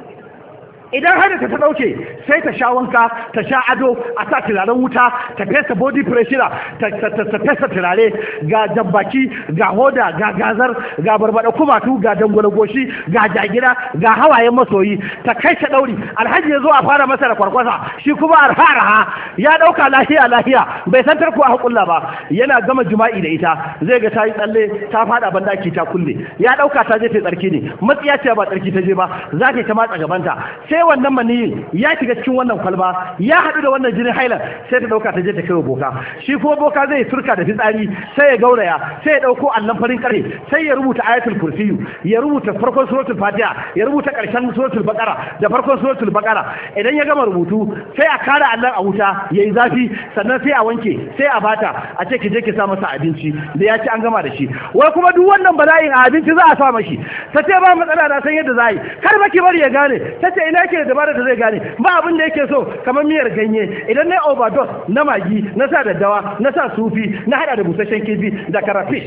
C: idan har ta dauke sai ta sha wanka ta sha ado a sa turaren wuta ta fesa body pressure ta fesa turare ga jambaki ga hoda ga gazar ga barbada kumatu ga dangwale goshi ga jagira ga hawayen masoyi ta kai ta dauri alhaji ya zo a fara masa da kwarkwasa shi kuma arharaha ya dauka lafiya lafiya bai san tarko a hakulla ba yana gama jima'i da ita zai ga tayi tsalle ta fada bandaki ta kulle ya dauka ta je ta tsarki ne matsiya ce ba tsarki ta je ba za ta yi ta matsa gabanta sai sai wannan maniyi ya shiga cikin wannan kwalba ya haɗu da wannan jinin haila sai ta ɗauka ta je ta kai wa boka shi kuma boka zai turka da fitsari sai ya gauraya sai ya ɗauko allon farin ƙarfe sai ya rubuta ayatul kursiyu ya rubuta farkon suratul fatiha ya rubuta ƙarshen suratul baqara da farkon suratul baqara idan ya gama rubutu sai a kara allon a wuta ya yi zafi sannan sai a wanke sai a bata a ce ki je ki sa masa abinci da ya ci an gama da shi wai kuma duk wannan bala'in a abinci za a sa mashi ta ce ba matsala na san yadda za a yi kar baki bari ya gane ta ce ina yake da dabara da zai gane ba abin da yake so kamar miyar ganye idan na overdose na magi na sa daddawa na sa sufi na hada da busasshen kifi da karafi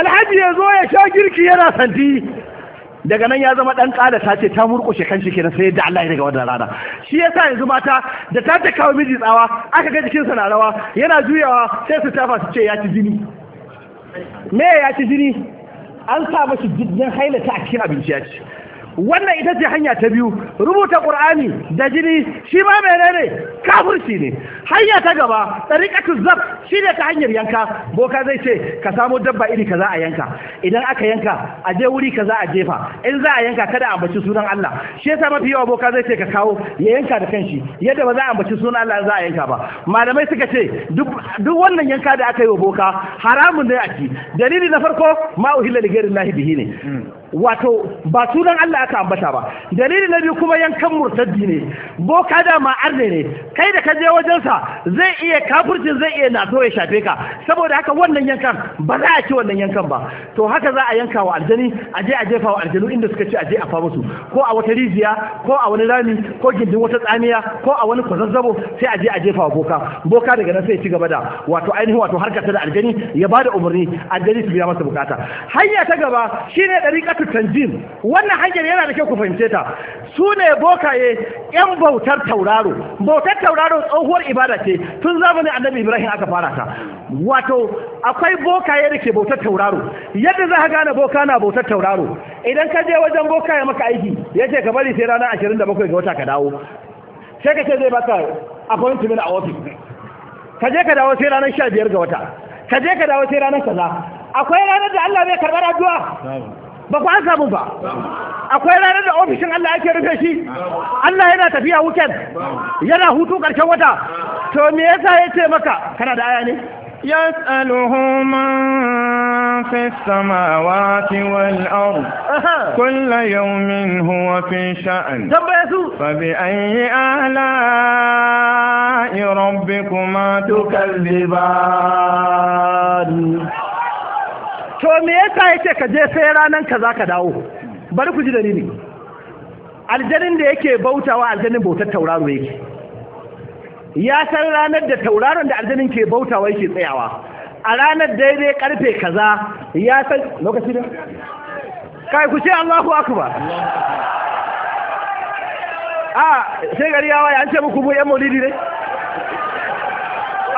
C: alhaji ya zo ya sha girki yana santi daga nan ya zama dan kada ta ce ta murkushe kan shi kenan sai da Allah ya daga wannan rana shi yasa yanzu mata da ta ta kawo miji tsawa aka ga jikinsa na rawa yana juyawa sai su tafa su ce ya ci jini me ya ci jini an sa mashi jirgin hailata a cikin abinci ya ce wannan ita ce hanya ta biyu rubuta ƙur'ani da jini shi ma menene kafirci ne hanya ta gaba tariqatu zab shi ne ta hanyar yanka boka zai ce ka samo dabba iri kaza a yanka idan aka yanka a je wuri kaza a jefa in za a yanka kada a ambaci sunan Allah shi yasa mafi yawa boka zai ce ka kawo ya yanka da kanshi yadda ba za a ambaci sunan Allah za a yanka ba malamai suka ce duk wannan yanka da aka yi wa boka haramun ne a ci dalili na farko ma uhilla lahi bihi ne hmm. wato ba sunan Allah aka ambata ba dalilin na biyu kuma yankan murtaddi ne boka da ma arne ne kai da ka je wajensa zai iya kafurcin zai iya na ya shafe ka saboda haka wannan yankan ba za a ci wannan yankan ba to haka za a yanka wa aljani a je a jefa wa aljanu inda suka ci a je a fa musu ko a wata rijiya ko a wani rami ko gindin wata tsamiya ko a wani kwazazzabo sai a je a jefa wa boka boka daga nan sai ya ci gaba da wato ainihin wato harkar ta da aljani ya ba da umarni aljani su biya masa bukata hanya ta gaba shine dariƙar hikmatu tanjim wannan hanyar yana da kyau ku fahimce ta su ne bokaye yan bautar tauraro bautar tauraro tsohuwar ibada ce tun zamanin annabi ibrahim aka fara ta wato akwai bokaye da ke bautar tauraro yadda za ka gane boka na bautar tauraro idan ka je wajen bokaye maka aiki ya ce ka bari sai ranar ashirin da bakwai ga wata ka dawo sai ka ce zai baka appointment a ofis ka je ka dawo sai ranar sha biyar ga wata ka je ka dawo sai ranar kaza akwai ranar da Allah bai karɓar addu'a ba ku an samu ba akwai ranar da ofishin Allah yake rufe shi Allah yana tafiya weekend yana hutu karshen wata to me yasa ce maka kana
A: da aya ne yas'aluhu man fi samawati wal ard kullu yawmin huwa fi sha'an
D: tabbasu fa bi ayyi ala
A: rabbikuma tukalliban
C: to me yasa yake ka je sai ranan ka za ka dawo bari ku ji dalili aljanin da yake bautawa aljanin bautar tauraro yake ya san ranar da tauraron da aljanin ke bautawa yake tsayawa a ranar daidai karfe kaza ya san lokaci da kai ku ce Allahu akbar a sai gari yawa an ce muku mu yan maulidi ne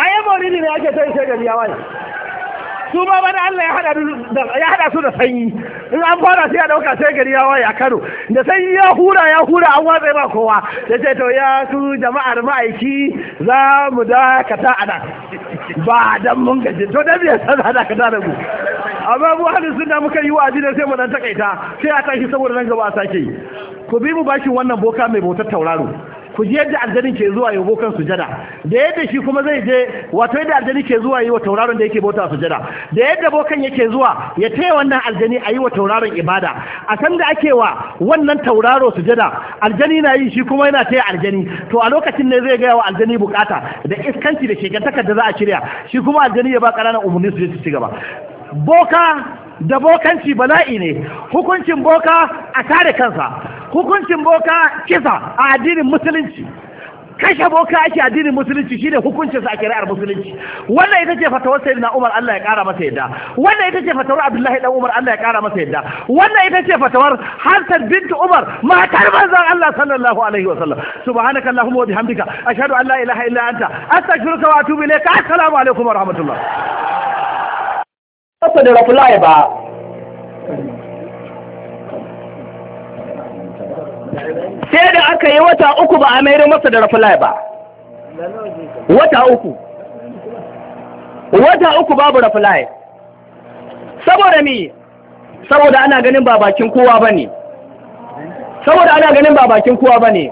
C: ayyan yan maulidi ne ake ta sai gari yawa su ma bada Allah ya hada su da sanyi in an fara sai a dauka sai gari ya waye a Kano da sanyi ya hura ya hura an watsa ba kowa Ya ce to ya su jama'ar ma'aiki za mu dakata a nan ba dan mun gaji to da biya sa hada ka da mu amma mu halin sunna muka yi wa'azi da sai mu dan takaita sai a tashi saboda nan gaba a sake ku bi mu bakin wannan boka mai bautar tauraro ku ji yadda aljani ke zuwa yi bokan sujada da yadda shi kuma zai je wato yadda aljani ke zuwa yi wa tauraron da yake bota sujada da yadda bokan yake zuwa ya taya wannan aljani a yi wa tauraron ibada a san da ake wa wannan tauraro sujada aljani na yi shi kuma yana taya aljani to a lokacin ne zai gaya wa aljani bukata da iskanci da shekantakar da za a shirya shi kuma aljani ya ba ƙananan umarni su je su ci gaba boka da bokanci bala'i ne hukuncin boka a kare kansa hukuncin boka kisa a addinin musulunci kashe boka ake addinin musulunci shine hukuncin sa a shari'ar musulunci wannan ita ce fatawar sayyidina Umar Allah ya kara masa yadda wannan ita ce fatawar Abdullahi dan Umar Allah ya kara masa yadda wannan ita ce fatawar Hafsat bint Umar matar manzon Allah sallallahu alaihi wa sallam subhanakallahumma wa bihamdika ashhadu an la ilaha illa anta astaghfiruka wa atubu ilayka assalamu alaikum wa rahmatullah ba sai da aka yi wata uku ba a mayar masa da rafulai ba wata uku wata uku babu rafulai saboda mi saboda ana ganin ba bakin kowa ba ne saboda ana ganin ba bakin kowa ba ne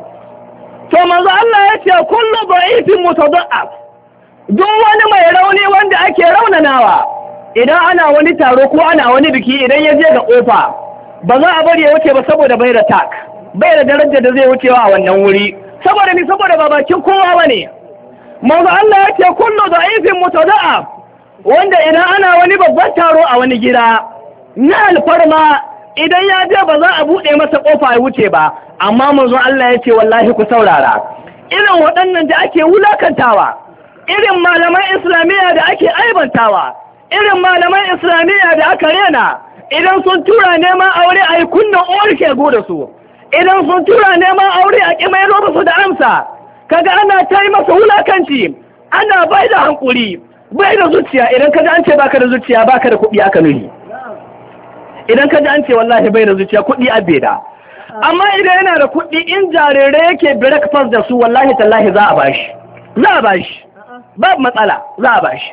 C: to manzo Allah ya ce kullu ba'ifin mutada'a duk wani mai rauni wanda ake raunanawa idan ana wani taro ko ana wani biki idan ya je ga kofa ba za a bari ya wuce ba saboda bai da tak bai da darajar da zai wucewa a wannan wuri saboda ni saboda ba bakin kowa ne. manzo Allah ya ce kullu da'ifin mutada'a wanda idan ana wani babban taro a wani gida na alfarma idan ya je ba za a buɗe masa ƙofa ya wuce ba amma manzo Allah ya ce wallahi ku saurara irin waɗannan da ake wulakantawa
D: irin malaman islamiyya da ake aibantawa irin malaman islamiyya da aka rena idan sun tura neman aure a yi kunnan uwar ke da su idan sun tura neman aure a ƙimai roba su da amsa kaga ana ta yi masa wulakanci
C: ana bai da hankuri bai da zuciya idan kaji an ce baka da zuciya baka da kuɗi aka nuni idan kaji an ce wallahi bai da zuciya kuɗi a beda amma idan yana da kuɗi in jarirai yake breakfast da su wallahi tallahi za a bashi za a bashi babu matsala za a bashi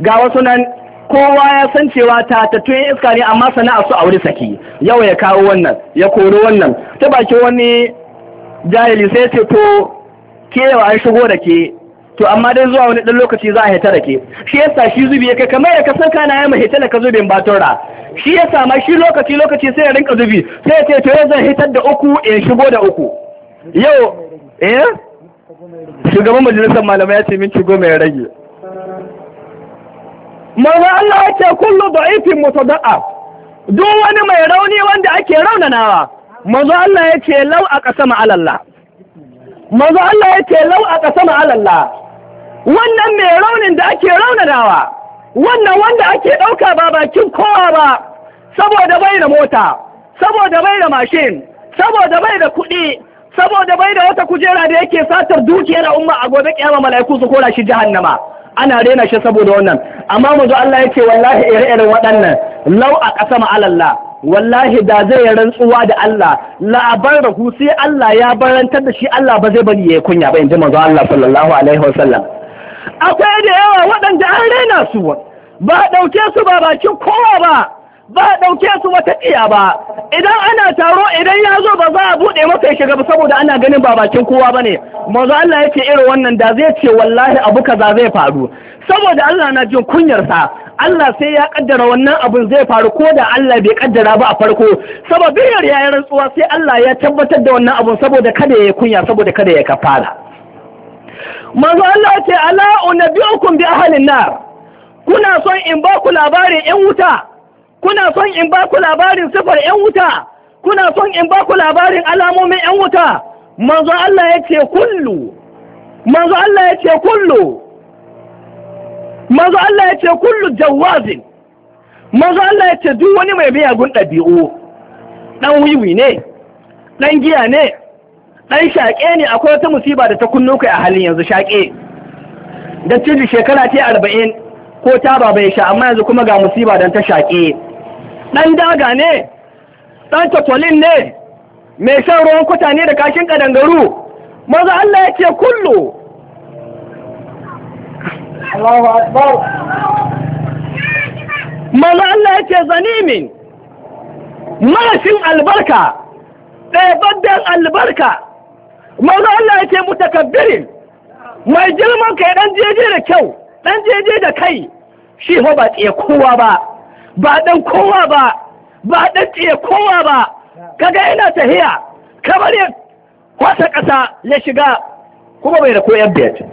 C: ga wasu nan kowa ya san cewa tatattun iska ne amma sana'a su auri saki yau ya kawo wannan ya kori wannan ta bakin wani jahili sai ce to ke yau an shigo da ke to amma dai zuwa wani dan lokaci za a hita da ke shi yasa shi zubi ya kai kamar ya kasar kana ya mahita da ka zubin batura shi yasa ma shi lokaci lokaci sai ya rinka zubi sai ya ce to yau zan hitar da uku in shigo da uku yau eh shugaban majalisar malamai ya ce min shigo ya rage manzo Allah ya ce kullu da'ifin mutada'a duk wani mai rauni wanda ake raunanawa manzo Allah ya ce lau a kasama manzo Allah ya ce lau a kasama wannan mai raunin da ake raunanawa wannan wanda ake ɗauka ba bakin kowa ba saboda bai da mota saboda bai da mashin saboda bai da kuɗi saboda bai da wata kujera da yake satar dukiyar umma a gobe kiyama mala'iku su kora shi jahannama ana rena shi saboda wannan amma zo Allah ce, wallahi ire-iren waɗannan lau a ƙasa ma'alalla wallahi da zai rantsuwa da Allah la'abar rahu sai Allah ya barantar da shi Allah ba zai bari ya kunya ba inji manzo Allah sallallahu alaihi wasallam
D: akwai da yawa waɗanda an rena su ba ɗauke su ba bakin kowa ba ba a ɗauke su wata ɗiya ba idan ana taro idan ya zo ba za a buɗe
C: masa ya shiga ba saboda ana ganin ba bakin kowa ba ne manzo Allah ya ce irin wannan da zai ce wallahi abu kaza zai faru saboda Allah na jin kunyarsa Allah sai ya ƙaddara wannan abin zai faru ko da Allah bai ƙaddara ba a farko sababiyar yi rantsuwa sai Allah ya tabbatar da wannan abin saboda kada ya kunya saboda kada ya kafara manzo Allah ya ce ala
D: unabiyukum bi ahlin nar kuna son in ba ku labarin yan wuta kuna son in ba ku labarin sifar ‘yan wuta, kuna son in ba ku labarin alamomin ‘yan wuta, manzo Allah ya ce kullu, manzo Allah ya ce kullu,
C: manzo Allah ya ce kullu jawazin, manzo Allah ya ce duk wani mai miyagun ɗabi'u, ɗan wiwi ne, ɗan giya ne, ɗan shaƙe ne akwai wata musiba da ta kunno kai a halin yanzu shaƙe, da cin shekara ta arba'in ko ta ba bai sha amma yanzu kuma ga musiba don ta shaƙe. ɗan daga ne ɗan tafolin ne mai shan ruwan
D: kuta ne da kashin ƙadangaru maza Allah ya ce kullu maza Allah ya
C: ce zanimin marashin albarka ɗaibabben albarka maza Allah ya ce mutakabbirin mai girman kai ɗan jeje da kyau ɗan jeje da kai shi ba ba tsaye kowa ba ba dan kowa ba ba dan tsiye kowa ba kaga yana tahiya kamar ya kwasa ƙasa ya shiga kuma bai da koyar da yace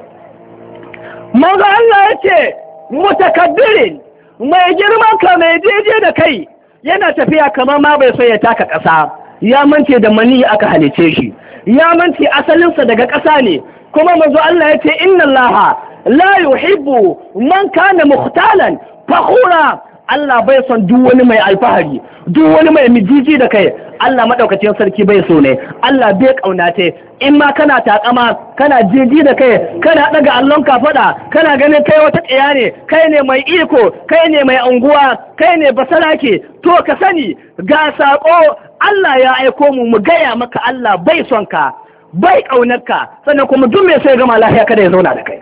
C: manzo Allah ya ce mutakabbirin mai girma ka mai jeje da kai yana tafiya kamar ma bai so ya taka ƙasa ya mance da mani aka halice shi ya mance asalinsa daga ƙasa ne kuma manzo Allah yace, ce inna Allah la yuhibbu man kana muhtalan fakhura Allah bai son duk wani mai alfahari duk wani mai mijiji da kai Allah maɗaukacin sarki bai so ne Allah bai ƙaunate in ma kana takama, kana jiji da kai kana ɗaga allon ka kafaɗa kana ganin kai wata ƙiya ne kai ne mai iko kai ne mai unguwa kai ne basarake to ka sani ga saƙo Allah ya aiko mu mu gaya maka Allah bai son ka bai ka, sannan kuma duk mai sai gama lafiya kada ya zauna da kai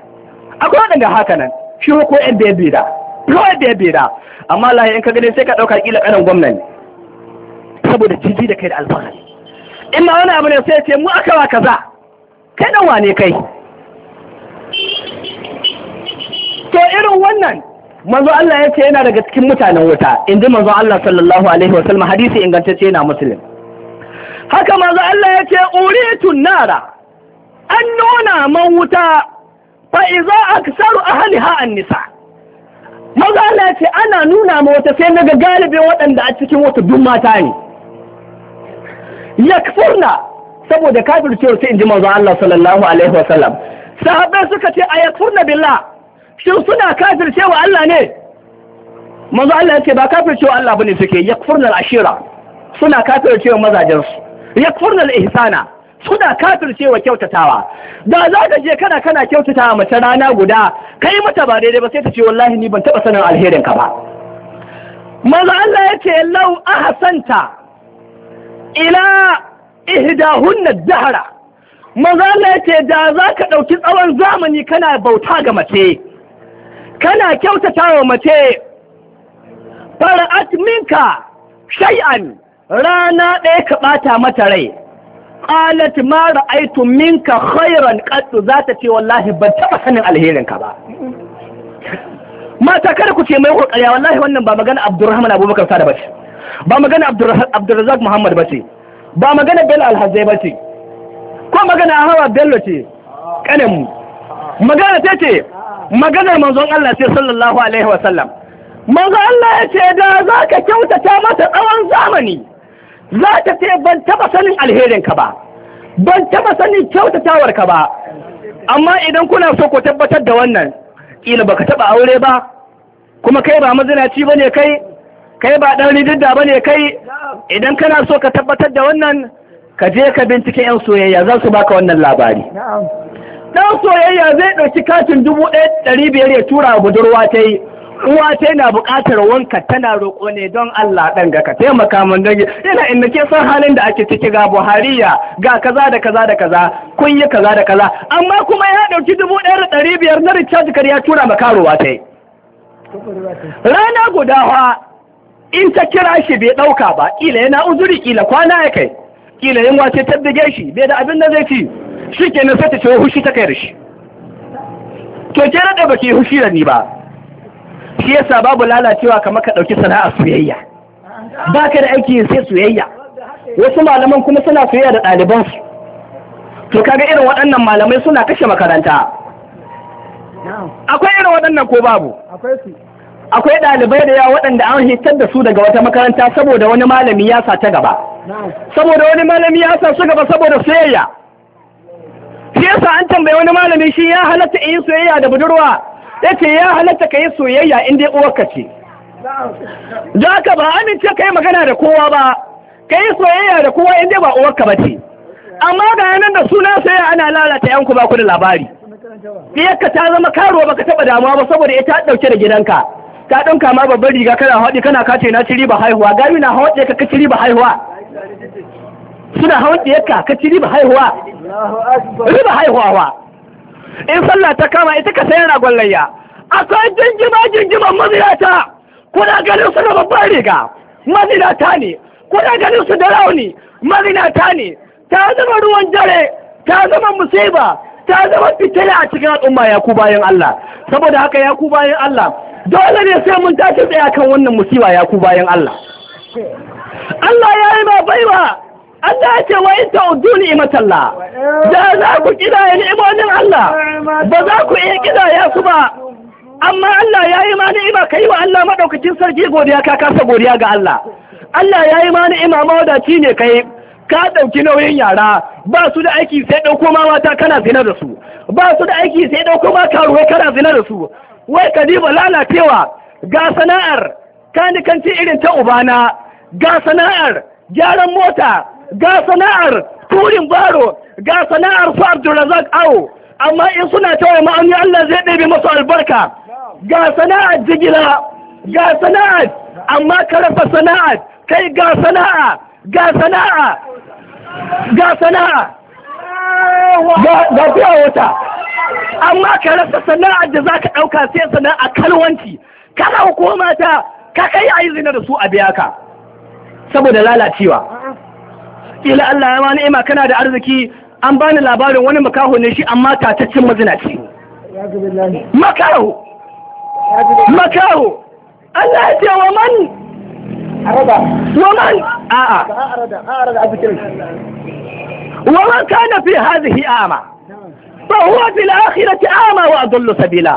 C: akwai waɗanda haka nan shi ko yadda ya bida kawai da ya bera amma lahi in ka gani sai ka ɗauka kila ƙaran gwamnati saboda jiji da kai da alfahari in ma wani abu ne sai ce mu aka wa kaza kai dan wane kai to irin wannan manzo Allah ya ce yana daga cikin mutanen wuta in ji manzo Allah sallallahu alaihi wa hadisi ingantacce yana musulun. haka manzo Allah ya ce uritun nara an nuna man wuta fa iza aksaru ahliha an-nisa' maza Allah ce ana nuna ma wata sai naga galibin waɗanda a cikin wata dun mata ne yakfurna saboda kafircewar sai inji manzo Allah sallallahu alaihi wa sallam sahabbai suka ce a yakfurna billah shin suna cewa Allah ne manzo Allah ya ce ba cewa Allah bane suke yakfurna al-ashira suna kafircewa mazajen su yakfurna al-ihsana suna kafircewa kyautatawa da za ka je kana kana kyautata mace rana guda kai mata ba daidai ba sai ta ce wallahi ni ban taba sanin alherin ka ba maza Allah ya ce lau ahsanta ila ihdahunna dahara maza Allah ya ce da za ka ɗauki tsawon zamani kana bauta ga mace kana kyautatawa mace fara'at minka shay'an rana ɗaya ka ɓata mata rai qalat ma ra'aytu minka khairan qad zata ce wallahi ban taba sanin alherin ka ba mata kada ku ce mai kokariya wallahi wannan ba magana Abdurrahman Abubakar Sada bace ba magana Abdurrazzaq Muhammad bace ba magana Bello Alhazai bace ko magana Hawa Bello ce kanin magana ta ce maganar manzon Allah ce sallallahu alaihi wa sallam manzon Allah ya ce da zaka kyautata mata tsawon zamani za ta ce ban taba sanin alherinka ba ban taba sanin kyautatawarka ba amma idan kuna so ku tabbatar da wannan ba baka taba aure ba kuma kai ba mazinaci bane kai kai ba dan rididda bane kai idan kana so ka tabbatar da wannan ka je ka bincike yan soyayya za su baka wannan labari Ɗan soyayya zai ɗauki katin dubu ɗaya ɗari biyar ya tura budurwa ta yi uwa ta yana buƙatar wanka tana roƙo ne don Allah ɗan ga ka taimaka min dangi yana inda ke san halin da ake ciki ga Buhariya ga kaza da kaza da kaza kun yi kaza da kaza amma kuma ya ɗauki dubu ɗaya da ɗari biyar na recharge kar ya tura ma karuwa ta yi rana guda fa in ta kira shi bai ɗauka ba ƙila yana uzuri ƙila kwana ya kai ƙila yin wace ta bige shi bai da abin da zai ci shi kenan sai ta ce hushi ta kai da shi to ke da baki hushi da ni ba shi yasa babu lalacewa kamar ka ɗauki sana'a soyayya ba ka da aiki sai soyayya wasu malaman kuma suna soyayya da ɗalibansu to kaga irin waɗannan malamai suna kashe makaranta akwai irin waɗannan ko babu akwai ɗalibai da yawa waɗanda an hitar da su daga wata makaranta saboda wani malami ya sa ta gaba saboda wani malami ya sa su gaba saboda soyayya shi yasa an tambayi wani malami shi ya halatta in yi soyayya da budurwa ya ce ya halatta ka yi soyayya in dai uwarka ce don haka ba amince ka yi magana da kowa ba ka yi soyayya da kowa inda ba uwarka ba ce amma ga yanar da suna soyayya ana lalata yanku ba ku da labari ɗiyarka ta zama karuwa ba ka taba damuwa ba saboda ita ɗauke da gidanka ta ɗauka ma babban riga kana haɗi kana kace na ciri ba haihuwa gami na haɗe ka ciri ba haihuwa suna haɗe ka ciri ba haihuwa
D: riba haihuwa
C: in sallah ta kama ita ka sayar ragon layya akwai jinjima jinjiman mazinata kuna ganin su da babban riga mazinata ne kuna ganin su da rauni mazinata ne ta zama ruwan jare ta zama musiba ta zama fitila a cikin al'umma ya ku bayan Allah saboda haka ya ku bayan Allah dole ne sai mun tashi tsaya kan wannan musiba ya ku bayan
D: Allah Allah ya yi ba baiwa Allah ya ce wa in ta'uddu ni'mat Allah da za ku kidaya ni'imomin Allah ba za ku iya ya
C: su ba amma Allah ya yi ma ni'ima kai wa Allah madaukakin sarki godiya ka kasa godiya ga Allah Allah ya yi ma ni'ima wadaci ne kai ka ɗauki nauyin yara ba su da aiki sai ɗauko ma mata kana zina da su ba su da aiki sai ɗauko ma karuwa kana zina da su wai ka diba lalacewa ga sana'ar kanikanci irin ta ubana ga sana'ar gyaran mota ga sana'ar turin baro ga sana'ar su abdulrazak awo amma in suna tawaye ma'auni allah zai ɗabi masu
D: albarka ga sana'ar jigila ga sana'ar amma ka rafa sana'ar kai ga sana'a ga sana'a ga sana'a ga fiya wata amma ka rasa sana'ar
C: da za ka ɗauka sai sana'a kalwanci kana hukuma ta ka kai a yi zina da su a biya ka saboda lalacewa kila Allah ya ma ni'ima kana da arziki an bani labarin wani makaho ne shi amma tataccen mazinaci
D: makaho makaho Allah ya ce wa man wa man a'a wa
C: man kana fi hadhihi ama fa huwa fil akhirati ama wa adallu sabila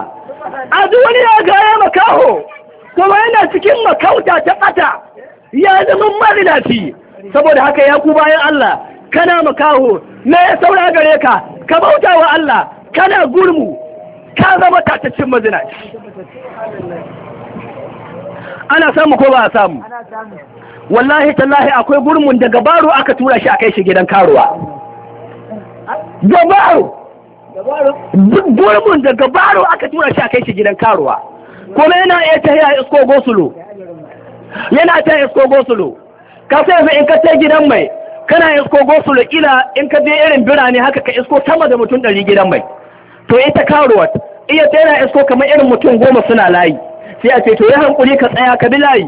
B: a duniya ga ya makaho
C: kuma yana cikin makauta ta ɓata ya zama mazinaci saboda haka ya ku bayan Allah kana makaho me ya saura gare ka ka bauta wa Allah kana gurmu ka zama tatacin mazina
B: ana samu ko ba a samu
C: wallahi tallahi akwai gurmun da gabaru aka tura shi a kai shi gidan karuwa gabaru gurmun da gabaru aka tura shi a kai shi gidan karuwa kuma yana iya tahiya isko gosulo yana ta isko gosulo ka sai yanzu in ka tai gidan mai kana isko gosu da in ka je irin birane haka ka isko sama da mutum ɗari gidan mai to ita karuwa iya yana isko kamar irin mutum goma suna layi sai a ce to ya hankuri ka tsaya ka bi layi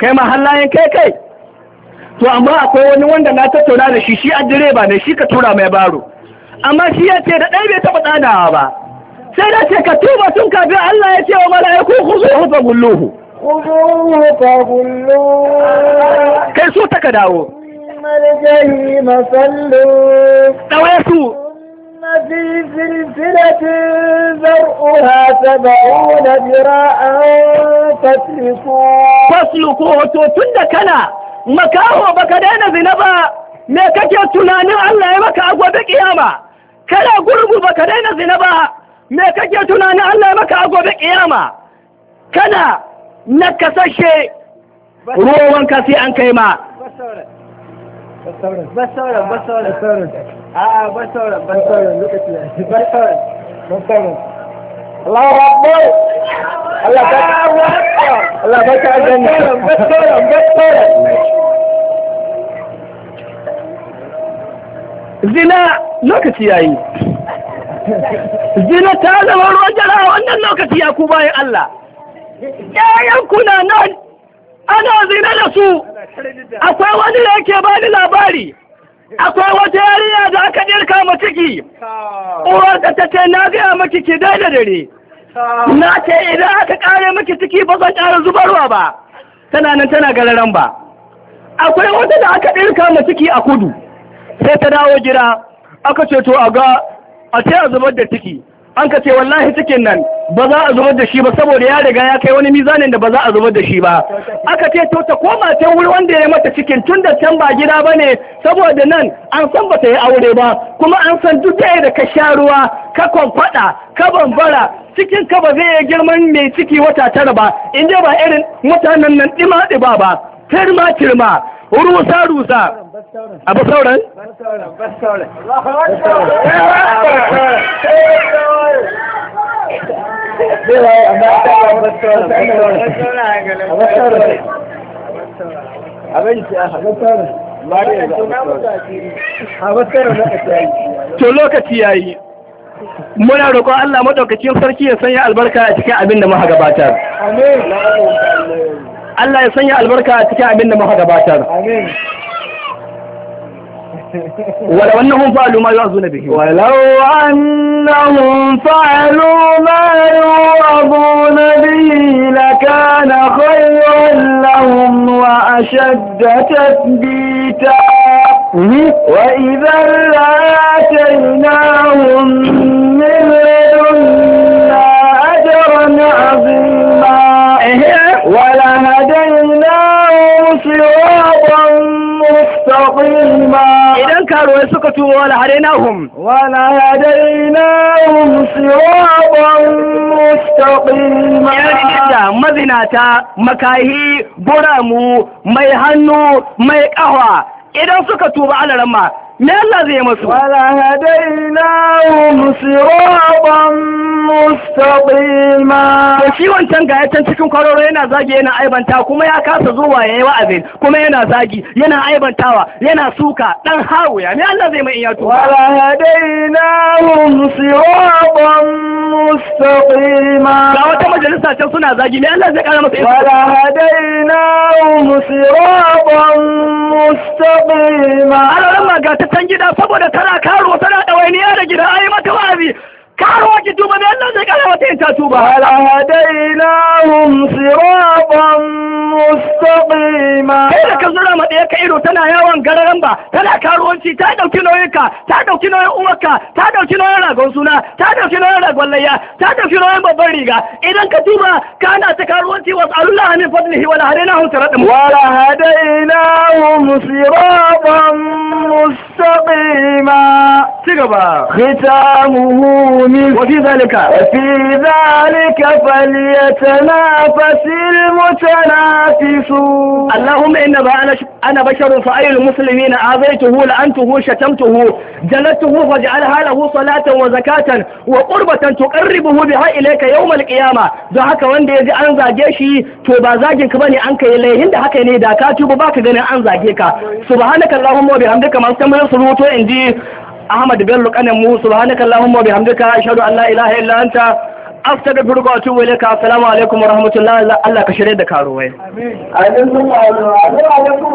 C: kai ma har layin kai kai to amma akwai wani wanda na tattauna da shi shi a direba ne shi ka tura mai baro amma shi ya ce da ɗaya bai taɓa tsanawa ba sai da ce ka tuba sun kafin Allah ya ce wa mala'iku ku zo hufa gulluhu
D: خذوه فغلوه
C: كي سو تكداو
D: ثم الجحيم صلوه ثم في سلسلة ذرعها سبعون كلا makaho daina zina ba me kake tunanin Allah ya maka a gobe kana gurgu ka daina zina ba me kake tunanin Allah ya maka a da kiyama kana na kasashe
C: ruwan wanka sai an kai ma zina lokaci yayi zina ta zama ruwan jara
D: wannan lokaci ya ku bayan Allah ƴaƴanku na nan ana zina da su akwai wani da yake ba ni labari akwai wata yarinya da aka ɗirka ma ciki uwar da ta ce na gaya maki ki dai da dare
B: na ce idan
C: aka ƙare maki ciki ba zan ƙara zubarwa ba tana nan tana gararan ba akwai wata da aka ɗirka ma ciki a kudu sai ta dawo gida aka ce to a ga a ce a zubar da ciki an ka ce wallahi cikin nan ba za a zubar da shi ba saboda ya riga ya kai wani mizanin da ba za a zubar da shi ba aka ce to ta koma ta wuri wanda ya mata cikin tun da can ba gida ba ne saboda nan an san ba ta yi aure ba kuma an san duk da da ka sha ruwa ka kwamfada ka bambara cikin ka ba zai yi girman mai ciki wata tara ba in ba irin mutanen nan ɗima ɗiba ba
D: tirma tirma rusa rusa abu sauran to
C: lokaci yayi muna roƙon Allah maɗaukacin sarki ya sanya albarka a cikin Allah ya sanya albarka a cikin abin da muka gabatar
B: ولو أنهم فعلوا ما
C: يوعظون به ولو
D: أنهم فعلوا ما يعظون به لكان خيرا لهم وأشد تثبيتا وإذا لآتيناهم مستقيما إذا كانوا يسكتوا ولا هديناهم ولا ولهديناهم صراطا مستقيما يا مزناتا مكاهي برامو ميهنو ميكهوى idan suka tuba alaran ma me Allah zai masu wala hadainahum siratan mustaqima to shi wancan ga yatan cikin kwaroro yana zagi yana aibanta kuma ya kasa zuwa
C: yayi wa'azin kuma yana zagi yana aibantawa yana suka dan ya me Allah zai mai iyatu
D: wala hadainahum siratan mustaqima ga wata majalisa can suna zagi me Allah zai kara masa iyatu wala hadainahum siratan mustaqima Allah ga ta gida saboda tana karuwa tana ɗawainiya da gida a yi mata wa'azi karo duba tuba mai Allah zai kara wata yin tuba wala hadainahum siratan mustaqima kai da ka zura ma ɗaya ka ido tana yawan gararan ba tana karuwanci ta ɗauki nauyin ta
C: ɗauki nauyin uwarka ta ɗauki nauyin ragon suna ta ɗauki nauyin ragon layya ta ɗauki nauyin
D: babban riga idan ka tuba kana ta karuwanci wa Allah min fadlihi wala hadainahum siratan wala hadainahum siratan mustaqima ci gaba من وفي ذلك وفي ذلك فليتنافس المتنافسون
C: اللهم إنما أنا بشر فأي المسلمين آذيته لأنته شتمته جلدته فاجعلها له صلاة وزكاة وقربة تقربه بها إليك يوم القيامة ذاك وان دي أن زاجيشي توبا زاجك بني أنك إليهن ده haka ne da ka tuba baka ganin an zage ka subhanakallahumma wa bihamdika man kamar surutu inji ahmad bello kanin mu subhanaka allahumma wa bihamdika ashhadu an la ilaha illa anta
B: astaghfiruka wa atubu ilayka assalamu alaikum wa rahmatullahi Allah ka shirye da karuwai amin